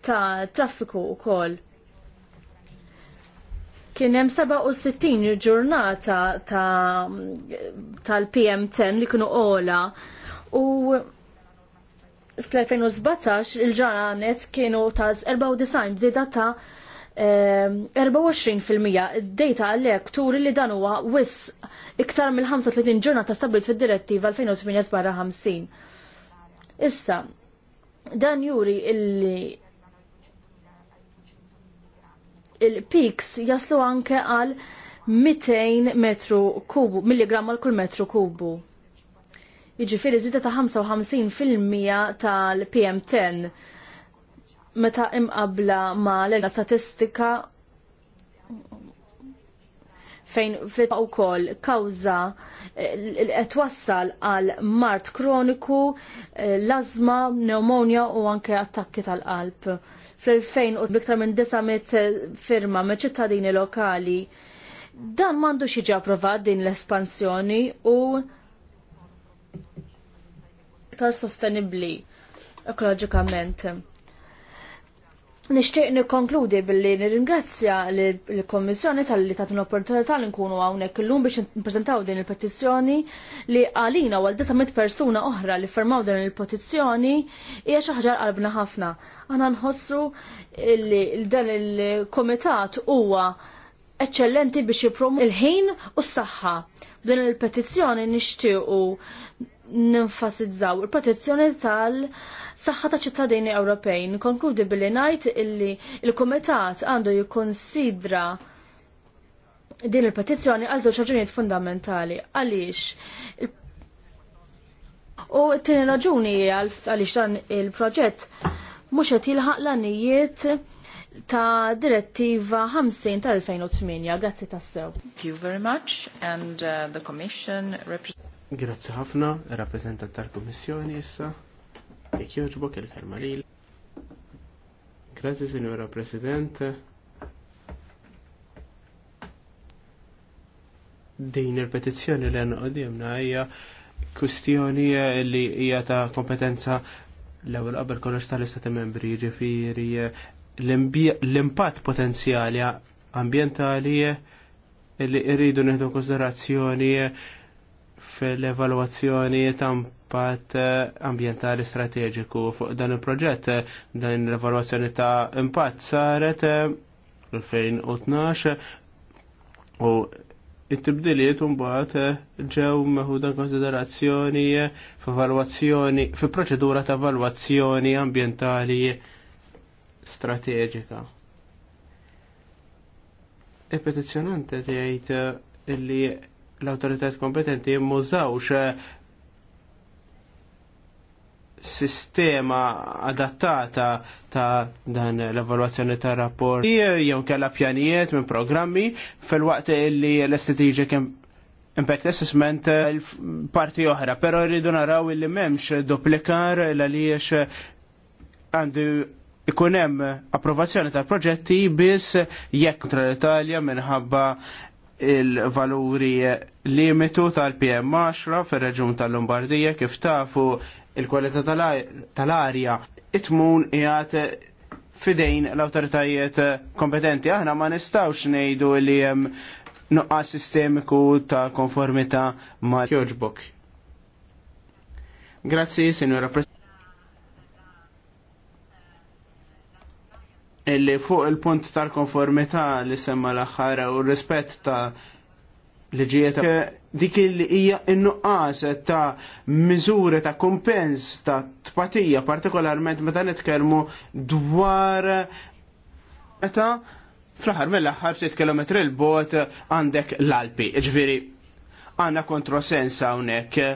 ta' traffiku wkoll. Kien hemm 67 ġurnata tal-PM10 li kienu ola u fl-2017 il-ġaranet kienu ta' 94 bżida ta' 24% ehm, id-data għalhekk turi li dan huwa wis iktar mill-35 ġurnata stabbilt fid-direttiva 2008-50. Issa, dan juri illi il-peaks jaslu anke għal 200 metru kubu, milligram għal kull metru kubu. Jiġifieri zida ta' 55% tal-PM10 meta imqabla ma l statistika fejn fit u koll kawza eh, qed wassal għal mart kroniku, eh, lazma, pneumonia u anke attakki tal-qalb. Fl-2000 biktar minn 900 eh, firma me ċittadini lokali. Dan mandu xieġi approvat din l-espansjoni u iktar sostenibli ekoloġikament. Nishtiq nikkonkludi billi nirringrazzja l-Kommissjoni tal-li tat l-opportunità li nkunu hawnhekk illum biex nippreżentaw din il-petizzjoni li għalina għal 900 persuna oħra li firmaw din il-petizzjoni hija xi ħaġa qalbna ħafna. Aħna nħossu li dan il-komitat huwa eċċellenti biex jiprom il-ħin u s-saħħa. Din il-petizzjoni nixtiequ ninfasizzaw il-petizzjoni tal- saħħa ta' ċittadini Ewropej. Nkonkludi billi ngħid illi il-Kumitat għandu jikkonsidra din il-petizzjoni għal żewġ raġunijiet fundamentali. Għaliex U t-tieni raġuni għaliex dan il-proġett mhux qed jilħaq l-anijiet ta' direttiva 50 tal-2008. Grazzi tassew. Thank you very much and uh, the commission Grazzi ħafna, rappresentant tal-Kummissjoni issa. Jek joġbok il-kelma li. Grazie, Signora President. Din il-petizzjoni li għanqodimna hija kustjoni li hija ta' kompetenza l-ewwel qabel kollox tal-istati membri, ġifieri l-impatt potenzjali ambjentali li rridu nieħdu konsiderazzjoni fil-evalwazzjoni ta' impatt eh, ambientali strategiku fuq dan il-proġett. Dan l-evaluazzjoni ta' impatt saret eh, 2012 u it-tibdiliet un bat eh, ġew meħuda konsiderazzjoni f'evalwazzjoni fi proċedura ta' evaluazzjoni ambientali strategika. il e petizjonante li l-autoritet kompetenti mużawx sistema adattata ta' dan l-evaluazzjoni ta' rapport jew kella pjanijiet minn programmi fil-waqt li l-strategic impact assessment eh, parti oħra, pero rridu naraw li memx duplikar l-għaliex għandu ikun hemm approvazzjoni ta' proġetti biss jekk kontra l-Italja minħabba il-valuri limitu tal-PM10 fir-reġjun tal-Lombardija kif tafu il-kwalità tal-arja itmun jgħat fidejn l-autoritajiet kompetenti. Aħna ma nistawx nejdu li jem nuqqa sistemiku ta' konformita ma' Kjoġbok. Grazzi, Signora Presidente. illi fuq il-punt tal-konformità li semma l-axħar u rispett ta' liġijiet dik li hija innuqqas ta' miżuri ta' kumpens ta' tpatija partikolarment meta nitkellmu dwar meta fl-aħħar mill-aħħar ftit kilometri l bot għandek l-Alpi. Ġifieri għandna kontrosens hawnhekk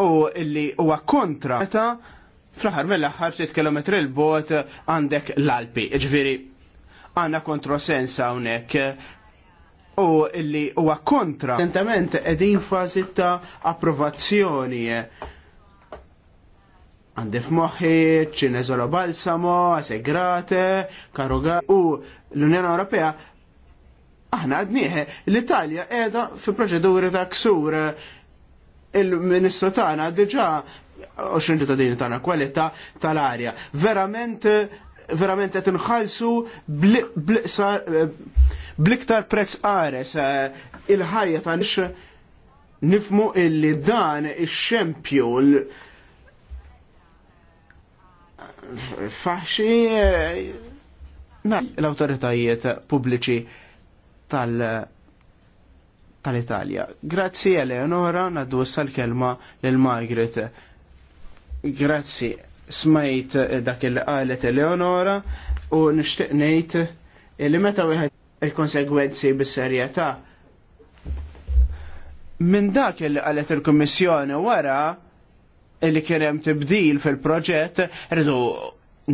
u illi huwa kontra meta Fraħar mill ħar 6 km il-bot għandek l-Alpi, ġviri għanna kontrosensa unek u illi huwa kontra. sentiment edin fazi ta' approvazzjoni. Għandi f'moħħi, ċinezolo balsamo, asegrate, karuga, u l-Unjoni Ewropea aħna għadniħe l-Italja edha fi proċeduri ta' ksur il-ministru tagħna diġà 20 ċittadini tagħna kwalità tal-arja. Verament verament qed inħallsu bliktar prezz qares il-ħajja ta' nifmu illi dan ix-xempju faxi l-autoritajiet pubbliċi tal tal-Italja. Grazzi Eleonora, naddu s-sal-kelma l-Margaret. Grazzi, smajt eh, dak il qalet Eleonora u nixtieq ngħid li meta wieħed il-konsegwenzi bis-serjetà minn dak il qalet il-Kummissjoni wara li kien hemm tibdil fil-proġett rridu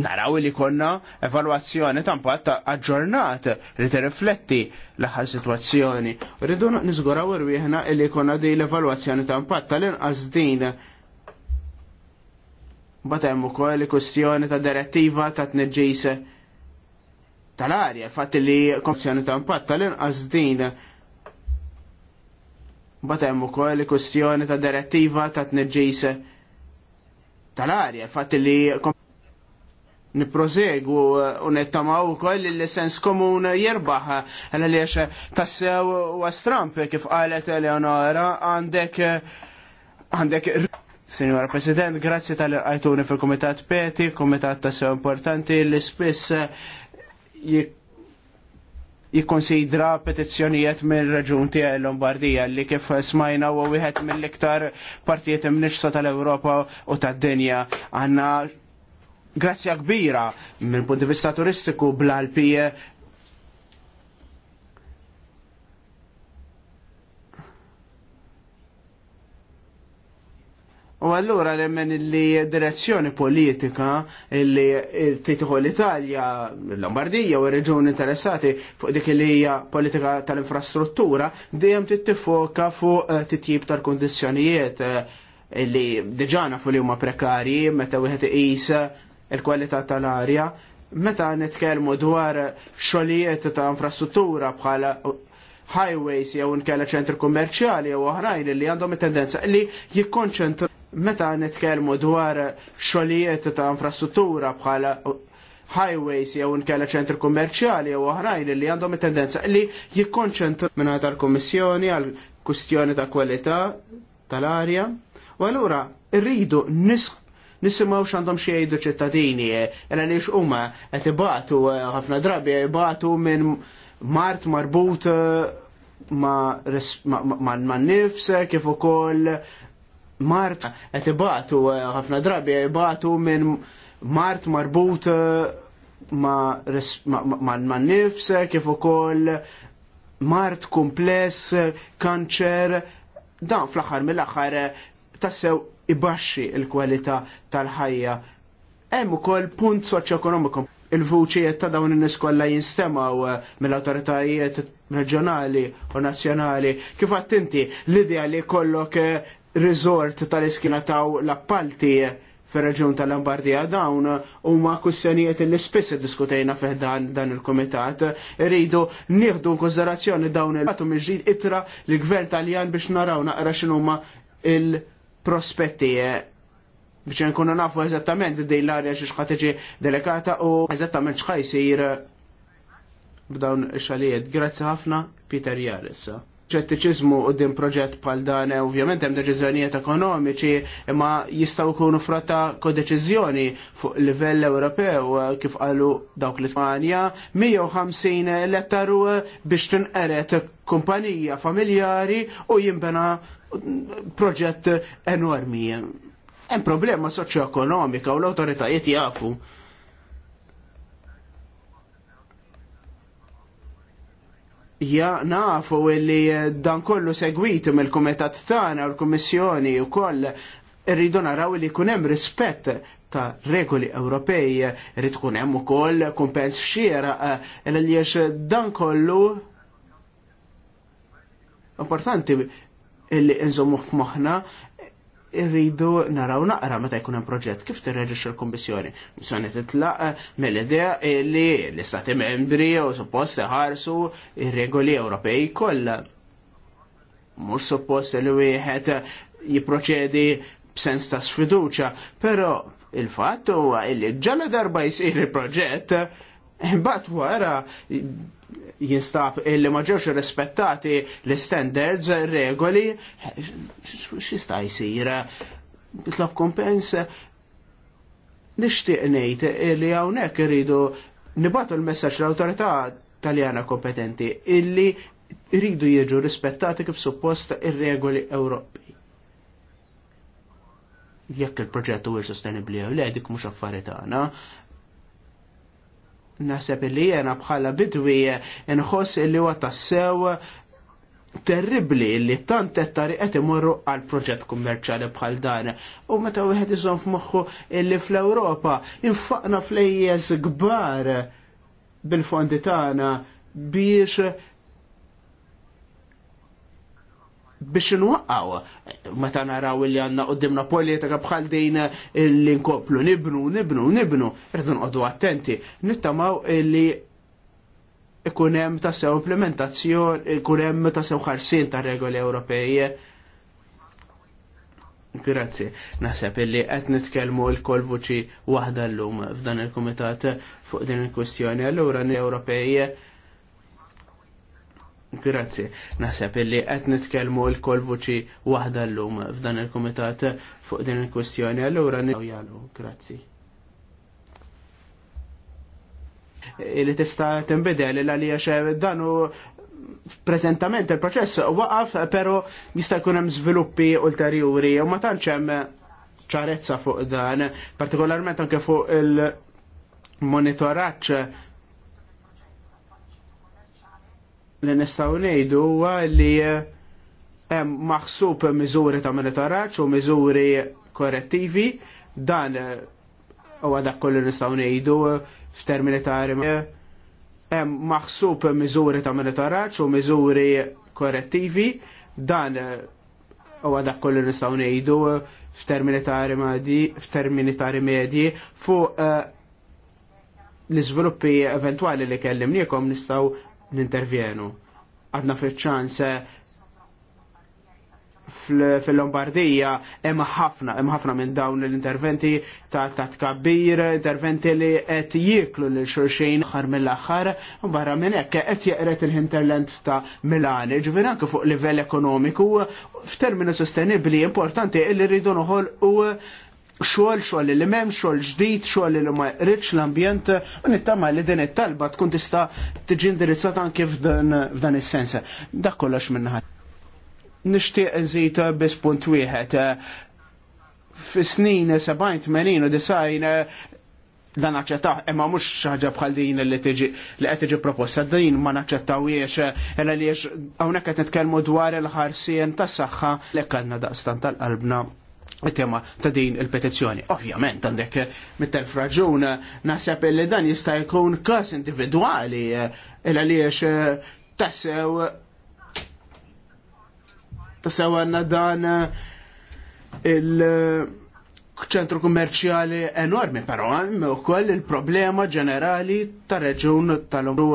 naraw li konna evalwazzjoni ta' impatt aġġornat li tirrifletti l-aħħar sitwazzjoni. Rridu niżguraw irwieħna li konna din l-evalwazzjoni ta' impatt tal-inqas din Bat hemm ukoll kwestjoni ta' direttiva ta' tneġġis tal-arja, fatt li konzjoni ta' impatt tal-inqas din. Bat hemm ukoll kwestjoni ta' direttiva ta' tneġġis tal-arja, fatt li niprosegu u uh, nettamaw ukoll li sens komun jirbaħ għal li tassew u għastramp kif qalet Eleonora għandek għandek Signora President, grazzi tal-irqajtuni fil-Komitat Peti, komitat ta' sew importanti li spiss eh, jikkonsidra petizzjonijiet minn raġun tiegħi Lombardija li kif smajna huwa wieħed mill-iktar partijiet imnixsa tal-Ewropa u tad-dinja. Għandna grazzja kbira minn punti vista turistiku bl-Alpije U allura nemmen li direzzjoni politika li titħu l-Italja, l-Lombardija u r-reġuni interessati fuq dik li hija politika tal-infrastruttura dejjem tittifoka fuq eh, titjib tal kundizzjonijiet eh, li diġana fuq li huma prekarji meta wieħed iqis eh, il-kwalità tal-arja. Meta nitkellmu dwar xogħlijiet ta' infrastruttura bħala highways jew nkella ċentri kummerċjali jew oħrajn li għandhom tendenza li jikkonċentru meta nitkellmu dwar xogħlijiet ta' infrastruttura bħala highways jew nkella ċentri kummerċjali jew oħrajn li għandhom tendenza li jikkonċentru minn tal-Kummissjoni għal kustjoni ta' kwalità tal-arja. U allura rridu nisimgħu nisimaw xandom xiejdu ċittadini, għal nix huma qed ibatu ħafna drabi ibatu minn mart marbut eh, ma, ma, ma, nifse eh, kif ukoll mart qed ibatu eh, ħafna drabi ibatu minn mart marbut ma, ma, ma, nifse kif ukoll mart kumpless, kanċer, dan fl-aħħar mill-aħħar tassew ibaxxi l-kwalità tal-ħajja. Hemm ukoll punt soċjoekonomiku il-vuċijiet ta' dawn in-nies kollha jinstemaw eh, mill-awtoritajiet reġjonali u nazzjonali. Kif għattinti l-idea li kollok eh, riżort tal-iskina taw l-appalti fir-reġjun tal-Lombardija dawn huma kwistjonijiet li spiss iddiskutejna fih dan il-kumitat. Rridu nieħdu konsiderazzjoni dawn il-għatu miġġid itra l-gvern Taljan biex naraw naqra x'inhuma il-prospetti eh, biex nkunu nafu eżattament dej l-arja xi xħateġi delikata u eżattament x'ħaj jsir b'dawn xalijiet. Grazzi ħafna Peter Jaris. Ċettiċiżmu u din proġett bħal dan eh, ovvjament hemm deċiżjonijiet ekonomiċi imma jistgħu jkunu frotta kodeċiżjoni fuq livell Ewropew eh, kif qalu dawk l-Ispanja 150 lettaru eh, biex tinqeret kumpanija familjari u jimbena mm, proġett enormi Hemm problema soċjoekonomika u l-awtoritajiet jafu. Ja nafu li eh, dan kollu segwitu mill-kumitat tagħna u l-Kummissjoni wkoll irridu naraw li jkun hemm rispett ta' regoli Ewropej, irrid tkun hemm ukoll kumpens xiera eh, għaliex dan kollu importanti illi nżommu f'moħħna irridu naraw naqra meta jkun hemm proġett kif tirreġixxa l-Kummissjoni. Missjoni titlaq mill-idea li l-Istati membri u suppost ħarsu ir-regoli Ewropej kollha. Mhux suppost li wieħed jipproċedi b'sens ta' sfiduċa, però il-fatt huwa li ġala darba jsir il-proġett imbagħad wara jinstab illi ma ġewx rispettati l-standards, regoli, xista jisir, bitlab kompens, nishtiq nejt illi għawnek rridu nibatu l messaċ l autorita taljana kompetenti illi rridu jiġu rispettati kif suppost ir-regoli Ewropi. Jekk il-proġett għu sostenibbli jew le dik mhux affarijiet tagħna, Naseb li jena bħala bidwi nħoss li huwa tassew terribli li tant ettari qed imorru għal proġett kummerċjali bħal dan. U meta wieħed iżomm f'moħħu li fl-Ewropa infaqna flejjes kbar bil-fondi tagħna biex biex nwaqqaw. Meta naraw li għanna qoddimna politika bħal din li nkomplu nibnu, nibnu, nibnu, rridu nqoddu attenti. Nittamaw li ikunem ta' sew implementazzjoni, ikunem ta' sew ħarsin ta' regoli Ewropej. Grazzi. Naseb illi qed nitkellmu l-kol vuċi waħda llum f'dan il-kumitat fuq din il-kwestjoni. Allura Ewropej Grazzi. Naħseb illi qed nitkellmu l-kol vuċi waħda llum f'dan il-kumitat fuq din il-kwestjoni. Allura jalu, grazzi. Li tista' tinbidel il għalija xe eh, dan u prezentament il-proċess waqaf, però jista' jkun hemm żviluppi ulterjuri u ma tantx hemm ċarezza fuq dan, partikolarment anke fuq il-monitoraġġ li nistaw nejdu huwa li eh, hemm maħsub miżuri ta' monitoraġġ u miżuri korrettivi dan eh, huwa dak kollu nistgħu ngħidu eh, f'termini ta' hemm maħsub miżuri ta' monitoraġġ u miżuri korrettivi dan huwa dak kollu nistgħu ngħidu f'termini ta' rimedi f'termini ta' rimedji fuq l-iżviluppi eventwali li kellimniekom nistgħu nintervjenu. Għadna fil-ċans eh, fil-Lombardija hemm ħafna, hemm ħafna minn dawn l-interventi ta' ta' tkabbir, interventi li qed jiklu lil xulxin aħħar mill-aħħar, barra minn hekk qed jeqret il-hinterland ta' Milani, ġifier anke fuq livell ekonomiku f'terminu sostenibbli importanti li rridu noħol u xogħol, xogħol li m'hemm, xogħol ġdid, xogħol li ma jqritx l-ambjent, u nittama li din it-talba tkun tista' tiġi indirizzata anke f'dan is-sens. Dak kollox minnaħa. Nixtieq nżid biss punt wieħed. Fis-snin 70 u design dan aċċettaw imma mhux xi ħaġa bħal din li tiġi li qed tiġi proposta din ma naċċettawiex ela hawnhekk qed nitkellmu dwar il-ħarsien tas-saħħa li kellna daqstan tal-qalbna tema ta' din il-petizzjoni. Ovvjament għandek eh, mittel telf nasab eh, naħseb li dan jista' jkun każ individwali eh, il għaliex tassew tassew għanna dan il- ċentru kummerċjali enormi, però hemm ukoll il-problema ġenerali tar reġun tal-Omru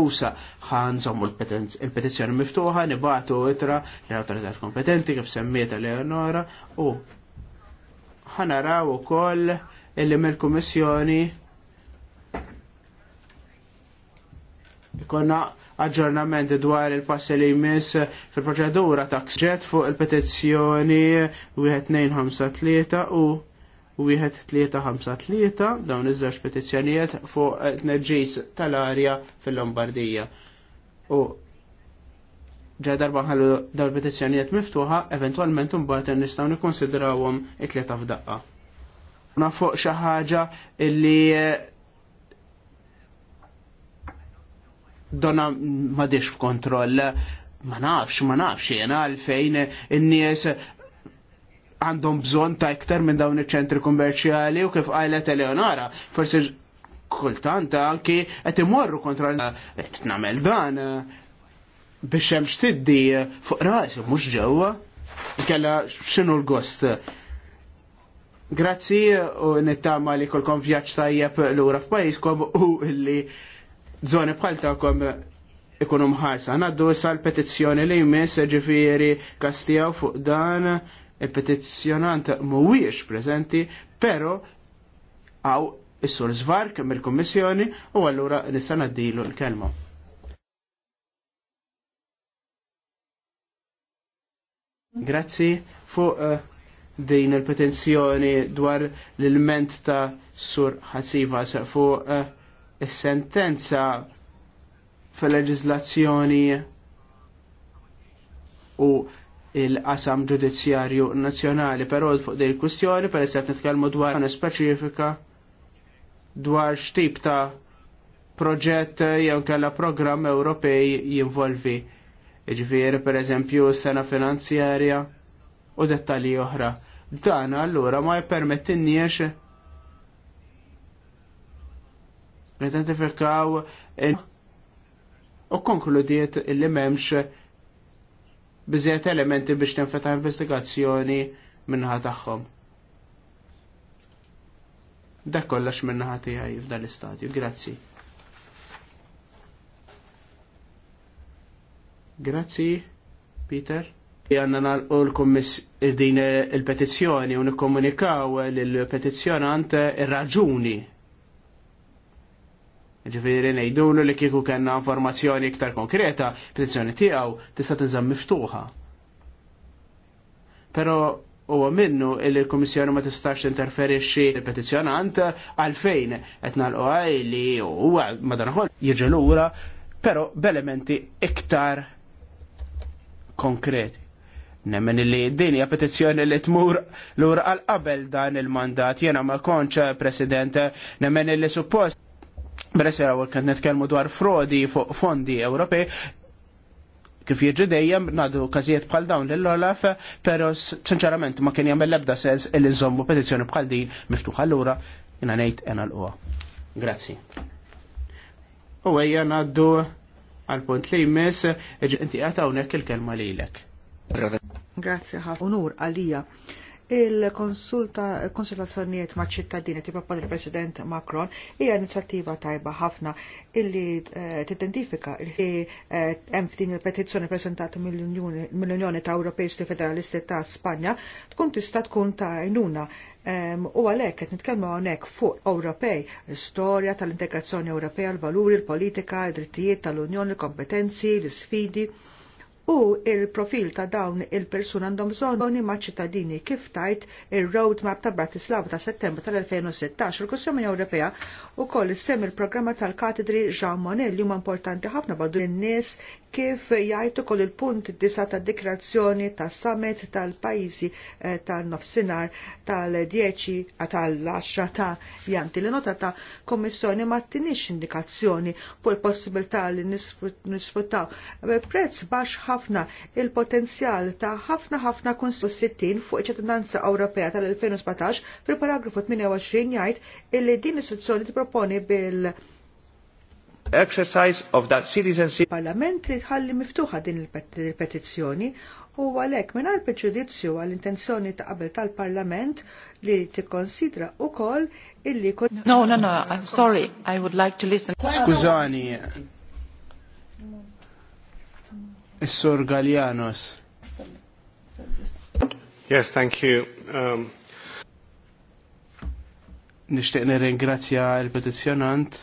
USA. Ħan zommu l-petizzjoni miftuħa, nibatu itra l autoritet kompetenti kif semmieta l-Eonora u ħanaraw ukoll illi mill-Kummissjoni ikonna aġġornament dwar il-passi li jmiss fil-proċedura ta' ksġet fuq il-petizzjoni 1253 u 1353 dawn iż-żewġ petizzjonijiet fuq tneġġis tal-arja fil-Lombardija. U ġaj darba ħallu dal petizzjonijiet miftuħa, eventualment mbagħad nistgħu nikkonsidrawhom it-tlieta f'daqqa. Na fuq xi ħaġa illi donna m'għadix f'kontroll, ma nafx, ma nafx jiena għalfejn in-nies għandhom bżonn ta' iktar minn dawn iċ-ċentri kummerċjali u kif qajlet Eleonora, forsi kultant anki qed imorru kontra nagħmel dan biex hemm xtiddi fuq rasi mhux ġewwa kella x'inhu l-gost. Grazzi u nittama li kolkom vjaġġ tajjeb lura f'pajjiżkom u li żoni bħal tagħkom ikunu mħarsa. Naddu issa l-petizzjoni li jmiss ġifieri kastijaw fuq dan il-petizzjonant mhuwiex preżenti, però għaw is-sur żvark mill-Kummissjoni u allura nista' naddilu l-kelma. Grazzi fuq uh, din il-petenzjoni dwar l-ilment ta' sur se fuq uh, is-sentenza fil-leġizlazzjoni u il-qasam ġudizzjarju nazzjonali, però fuq din il-kwistjoni per qed nitkellmu dwar għana speċifika dwar x'tip ta' proġett eh, jew kellha programm Ewropej jinvolvi ġifiri per eżempju sena finanzjarja u dettali oħra. Dan allura ma jippermettinniex identifikaw u konkludiet illi memx bizziet elementi biex tinfetaħ investigazzjoni minnaħa tagħhom. Dak kollox minnaħa tiegħi f'dan l istadju Grazzi. Grazzi, Peter. Għanna nalqu l din il-petizjoni u nikkomunikaw l-petizjonant il raġuni Ġifiri nejdulu li kiku kena informazzjoni iktar konkreta, petizjoni tiegħu tista' tinżamm miftuħa. Pero huwa minnu li l-Kummissjoni ma tistax interferixxi l-petizzjonant għalfejn qed nagħlqu li huwa madanħol jiġi lura, però b'elementi iktar konkreti. Nemmen li din hija petizzjoni li tmur lur għal qabel dan il-mandat jiena ma konċ eh, president nemmen li suppost Bresera għal kant netkelmu dwar frodi fuq fondi Ewropej kif jiġri dejjem nadu każijiet bħal dawn l olaf pero sinċerament ma kien jagħmel l-ebda sens li żommu petizzjoni bħal din miftuħa lura jiena ngħid ena l Grazzi. U ejja naddu għal-punt li jmiss, inti għatawnek il-kelma li l-ek. Grazie ħafna. Unur għalija. Il-konsultazzjonijiet ma' ċittadini ti proponi il-President Macron hija inizjattiva tajba ħafna illi eh, tidentifika li eh, hemm f'din il-petizzjoni preżentata mill-Unjoni ta' Ewropejsti Federalisti ta' Spanja tkun tista' tkun ta' għajnuna U għalhekk qed nitkellmu hawnhekk fuq Ewropej, l-istorja tal-integrazzjoni Ewropea, l-valuri, l-politika, id-drittijiet tal-Unjoni, l-kompetenzi, l-isfidi. U il-profil ta' dawn il-persuna għandhom bżonni ma' ċittadini kif tajt il-roadmap ta' Bratislava ta' settembru tal-2016 il-Kussjoni Ewropea u koll sem il-programma tal-katedri Jean Monnet li huma importanti ħafna badu n-nies kif jgħid ukoll il-punt disa ta' dikrazzjoni ta' summit tal-pajjiżi eh, tan-nofsinhar tal-10 ah, tal-10 ta' janti li nota ta' kommissjoni ma tinix indikazzjoni fuq il-possibilità li nisfruttaw eh, prezz bax ħafna il-potenzjal ta' ħafna ħafna kunstu 60 fuq iċ Ewropea tal-2017 fil-paragrafu 28 jgħid illi din t tipproponi bil- Exercise of that citizenship. Parlament li tħalli miftuħa din il-petizzjoni u għalek minar preġudizzju għal intenzjoni ta' qabel tal-Parlament li t-konsidra u koll illi kod. No, no, no, I'm sorry, I would like to listen. Skużani. Is-sur Gallianos. Yes, thank you. Um... Nishtiq nirringrazzja l-petizjonant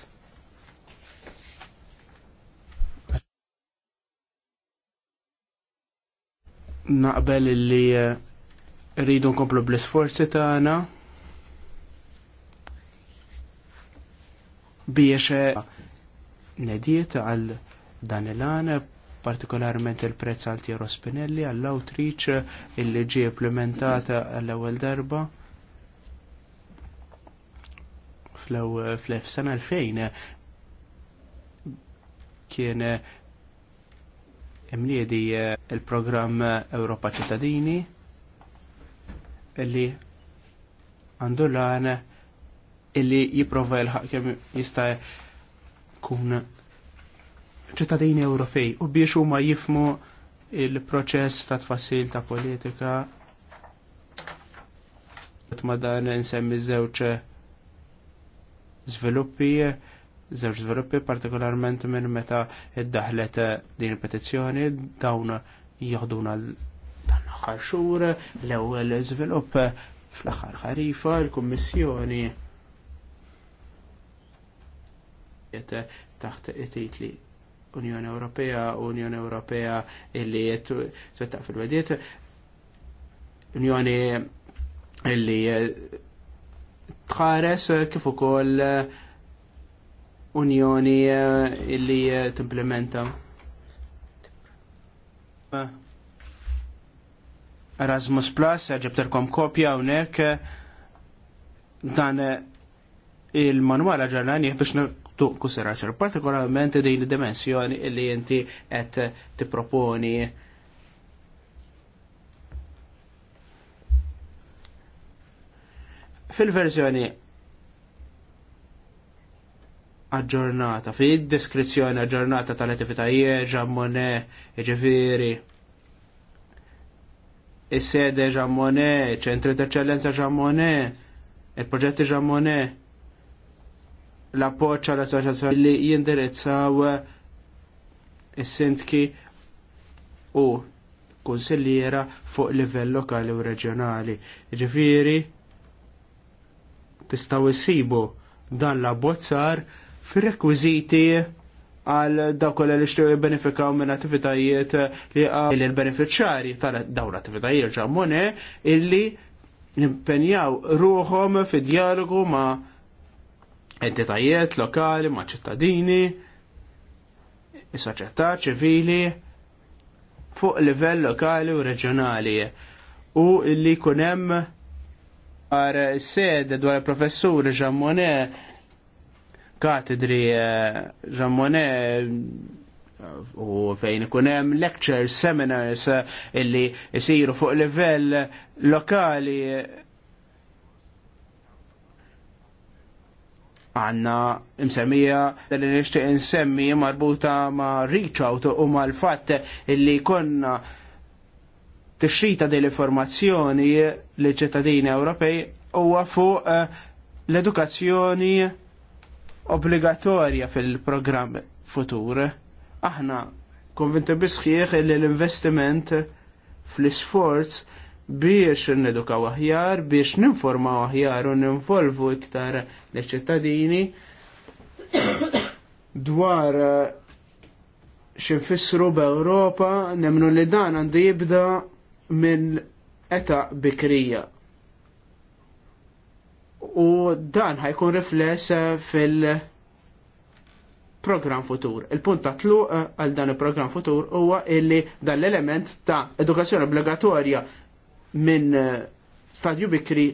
naqbel li eh, rridu nkomplu bl-isforzi tagħna biex eh, nediet għal dan il-għana partikolarment il-prezz għal Tiero Spinelli għall-outreach illi ġi implementata għall-ewwel darba fl-sena 2000 kien eh, imliedi eh, il-programm eh, Europa ċittadini illi għandu l-għan illi jiprofa il ħakjem jista kun ċittadini Ewropej u biex huma jifmu il-proċess ta' tfassil ta' politika ma dan nsemmi żewġ eh, żviluppi żewġ żviluppi partikolarment minn meta iddaħlet din il-petizzjoni dawn jieħduna l-aħħar xhur l-ewwel żvilupp fl-aħħar ħarifa l-Kummissjoni taħt it li Unjoni Ewropea Unjoni Ewropea illi twettaq fil-wediet Unjoni illi tħares kif ukoll unjoni eh, illi eh, t-implementa. Erasmus Plus, eh, ġibterkom kopja unek dan il manuala ġarnani biex tu kusiraċer, partikolarment din dimensjoni li inti qed proponi Fil-verżjoni aġġornata, fi deskrizzjoni aġġornata tal-attivitajiet, ġammone, ġifiri, is-sede ġammone, ċentri d-eccellenza ġammone, il-proġetti ġammone, l-appoċ l-associazzjoni li jindirizzaw is-sintki u konsiliera fuq livell lokali u reġjonali. Ġifiri, tistaw issibu dan l-abbozzar fir-rekwiżiti għal dawk li xtiju jibbenefikaw minn attivitajiet li għal il-beneficjari tal dawn attivitajiet ġammone illi impenjaw ruħom fi dialogu ma entitajiet lokali, ma ċittadini, i soċjetà ċivili fuq livell lokali u reġjonali u illi kunem għar sed dwar il-professur ġammone katedri ġammone eh, eh, u fejn ikun hemm lectures, seminars eh, illi jsiru fuq livell lokali għanna msemmija li nixtieq insemmi marbuta ma' reach out u l fatt illi konna tixrita din l-informazzjoni li ċittadini Ewropej huwa fuq l-edukazzjoni obbligatorja fil-programm futur. Aħna konvinti bisħiħ li l-investiment fl-isforz biex n eduka aħjar, biex ninformaw aħjar u ninvolvu iktar l-ċittadini dwar xinfissru b'Ewropa, nemnu li dan għandu jibda minn eta bikrija u dan ħajkun rifless eh, fil- program futur. Il-punt ta' tluq eh, għal dan il-program futur huwa illi dan l-element ta' edukazzjoni obbligatorja minn eh, stadju bikri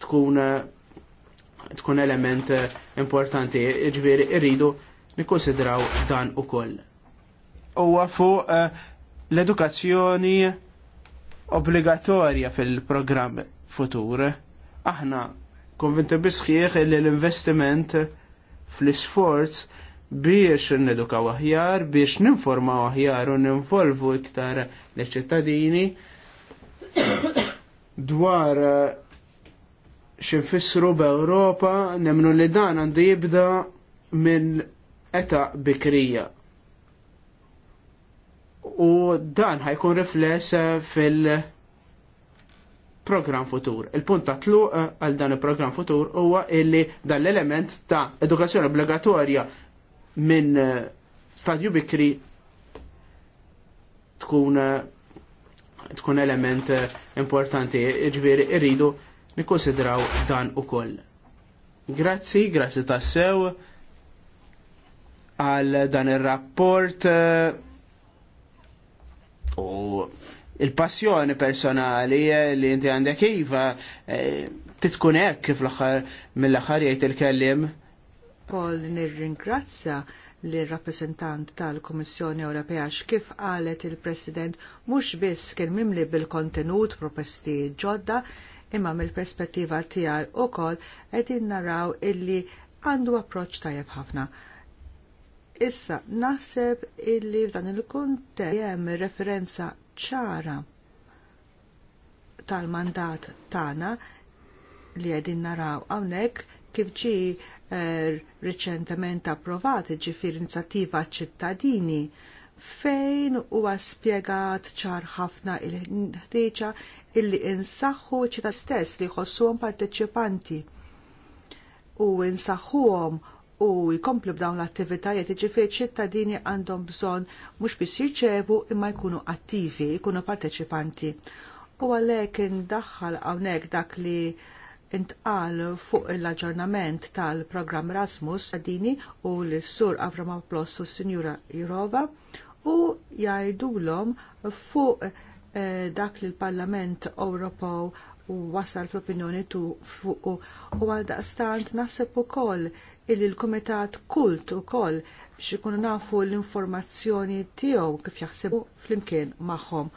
tkun tkun element importanti, ġviri irridu nikkonsidraw dan u koll. Uwa fuq l-edukazzjoni obbligatorja fil-programm futur. Aħna konvinti bisħieħ li l-investiment fl-isforz biex n-edukaw aħjar, biex ninformaw aħjar u ninvolvu iktar l-ċittadini dwar xinfissru b'Ewropa nemnu li dan għandu jibda minn eta bikrija. U dan ħajkun riflessa fil- program futur. Il-punt tlu eh, għal dan il-program futur huwa illi dan l-element ta' edukazzjoni obbligatorja minn eh, stadju bikri tkun eh, tkun element importanti, ġviri irridu nikkonsidraw dan u koll. Grazzi, grazzi ta' sew għal dan il-rapport u il-passjoni personali eh, li inti għandek iva eh, titkun hekk kif l-aħħar mill-aħħar jgħid il-kellim. nir nirringrazzja l-rappresentant tal-Kummissjoni Ewropea x'kif qalet il-President mhux biss kien mimli bil-kontenut proposti ġodda imma mill-perspettiva tiegħi wkoll qegħdin naraw illi għandu approċċ tajjeb ħafna. Issa naħseb illi f'dan il kunte hemm referenza ċara tal-mandat tagħna li qegħdin naraw hawnhekk kif ġi er, eh, riċentement approvat ġifir inizjattiva ċittadini fejn huwa spjegat ċar ħafna il-ħtieġa illi insaħħu ċita stess li jħossuhom parteċipanti u insaħħuhom u jkomplu b'dawn l-attivitajiet iġifieri ċittadini għandhom bżonn mhux biss jirċevu imma jkunu attivi, jkunu parteċipanti. U għalhekk indaħħal hawnhekk dak li intqal fuq l-aġġornament tal-programm Erasmus għadini u l-sur Plus u s-Sinjura Jirova u jgħidulhom fuq eh, dak li l-Parlament Ewropew wasal fl-opinjoni tu fuq u għal daqstant naħseb ukoll illi l-Kumitat Kult ukoll biex ikunu nafu l-informazzjoni tiegħu kif jaħsibu flimkien magħhom.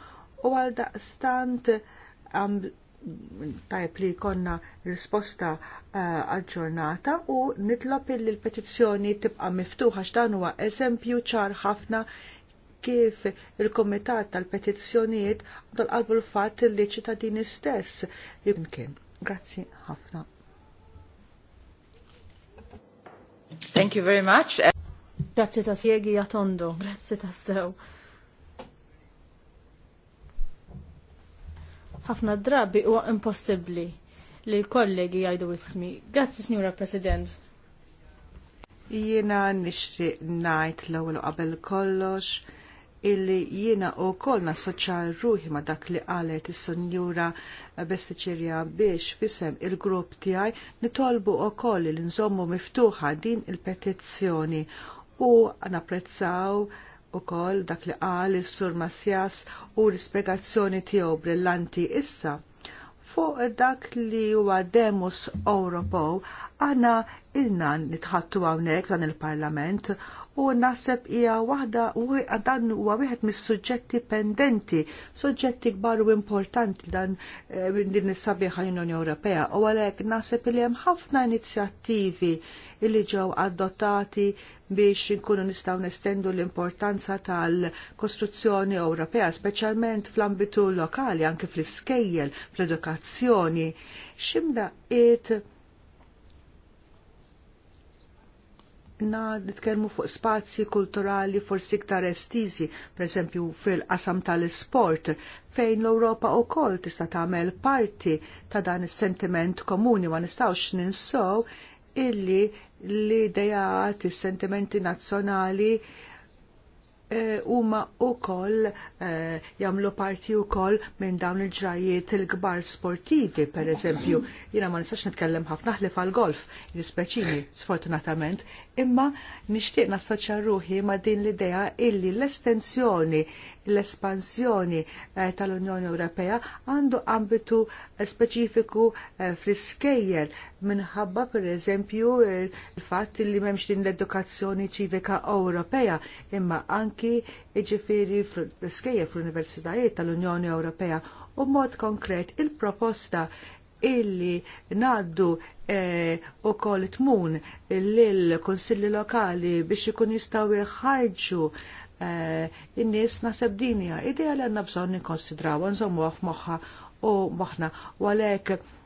U għal daqstant tajb li jkollna risposta eh, aġġornata u nitlob illi l-petizzjoni tibqa' miftuħa x'dan huwa eżempju ċar ħafna kif il-Kumitat tal-Petizzjonijiet dal qalbu l-fatt li ċittadini stess jimkien. Grazzi ħafna. Thank you very much. Grazie ta' siegi jatondo, grazie ta' sew. ħafna drabi huwa impossibbli li l-kollegi jgħidu ismi. Grazie, Signora President. Jiena nixtieq ngħid l-ewwel qabel kollox illi jiena wkoll nassoċja ruħi ma dak li qalet is-Sinjura Bestiċirja biex fisem il-grupp tiegħi nitolbu wkoll li nżommu miftuħa din il-petizzjoni u napprezzaw ukoll dak li qal is-Sur Masjas u l-ispjegazzjoni tiegħu brillanti issa fuq dak li huwa Demus Ewropew għana il-nan nitħattu hawnhekk dan il-Parlament u naħseb hija waħda u dan huwa wieħed mis-suġġetti pendenti, suġġetti kbar u importanti dan din eh, is-sabiħa unjoni Ewropea u għalhekk naħseb li hemm ħafna inizjattivi li ġew adottati biex inkunu nistgħu nestendu l-importanza tal-kostruzzjoni Ewropea, speċjalment fl-ambitu lokali, anke fl-iskejjel, fl-edukazzjoni. Ximda it aħna nitkellmu fuq spazji kulturali forsi estizi, estiżi, pereżempju fil-qasam tal-isport, fejn l-Ewropa wkoll tista' tagħmel parti ta' dan is-sentiment komuni ma nistgħux ninsow illi l-idejat is-sentimenti nazzjonali eh, huma e, wkoll eh, jagħmlu parti wkoll minn dawn il-ġrajiet il-kbar sportivi, pereżempju. Jiena ma nistax nitkellem ħafna ħlif għal golf, jispeċini, sfortunatament, imma nixtieq nassoċja ruħi ma' din l-idea illi l-estensjoni, l-espansjoni eh, tal-Unjoni Ewropea għandu ambitu speċifiku eh, fl-iskejjel minħabba pereżempju il-fatt li m'hemmx din l-edukazzjoni ċivika Ewropea imma anki iġifiri fl-iskejjel fl-Universitajiet tal-Unjoni Ewropea u mod konkret il-proposta illi ngħaddu eh, ukoll tmun lill konsilli lokali biex ikun jistgħu jħarġu eh, in-nies naħseb dinja idea li għandna bżonn nikkonsidraw għaf moħħa u moħħna u għalhekk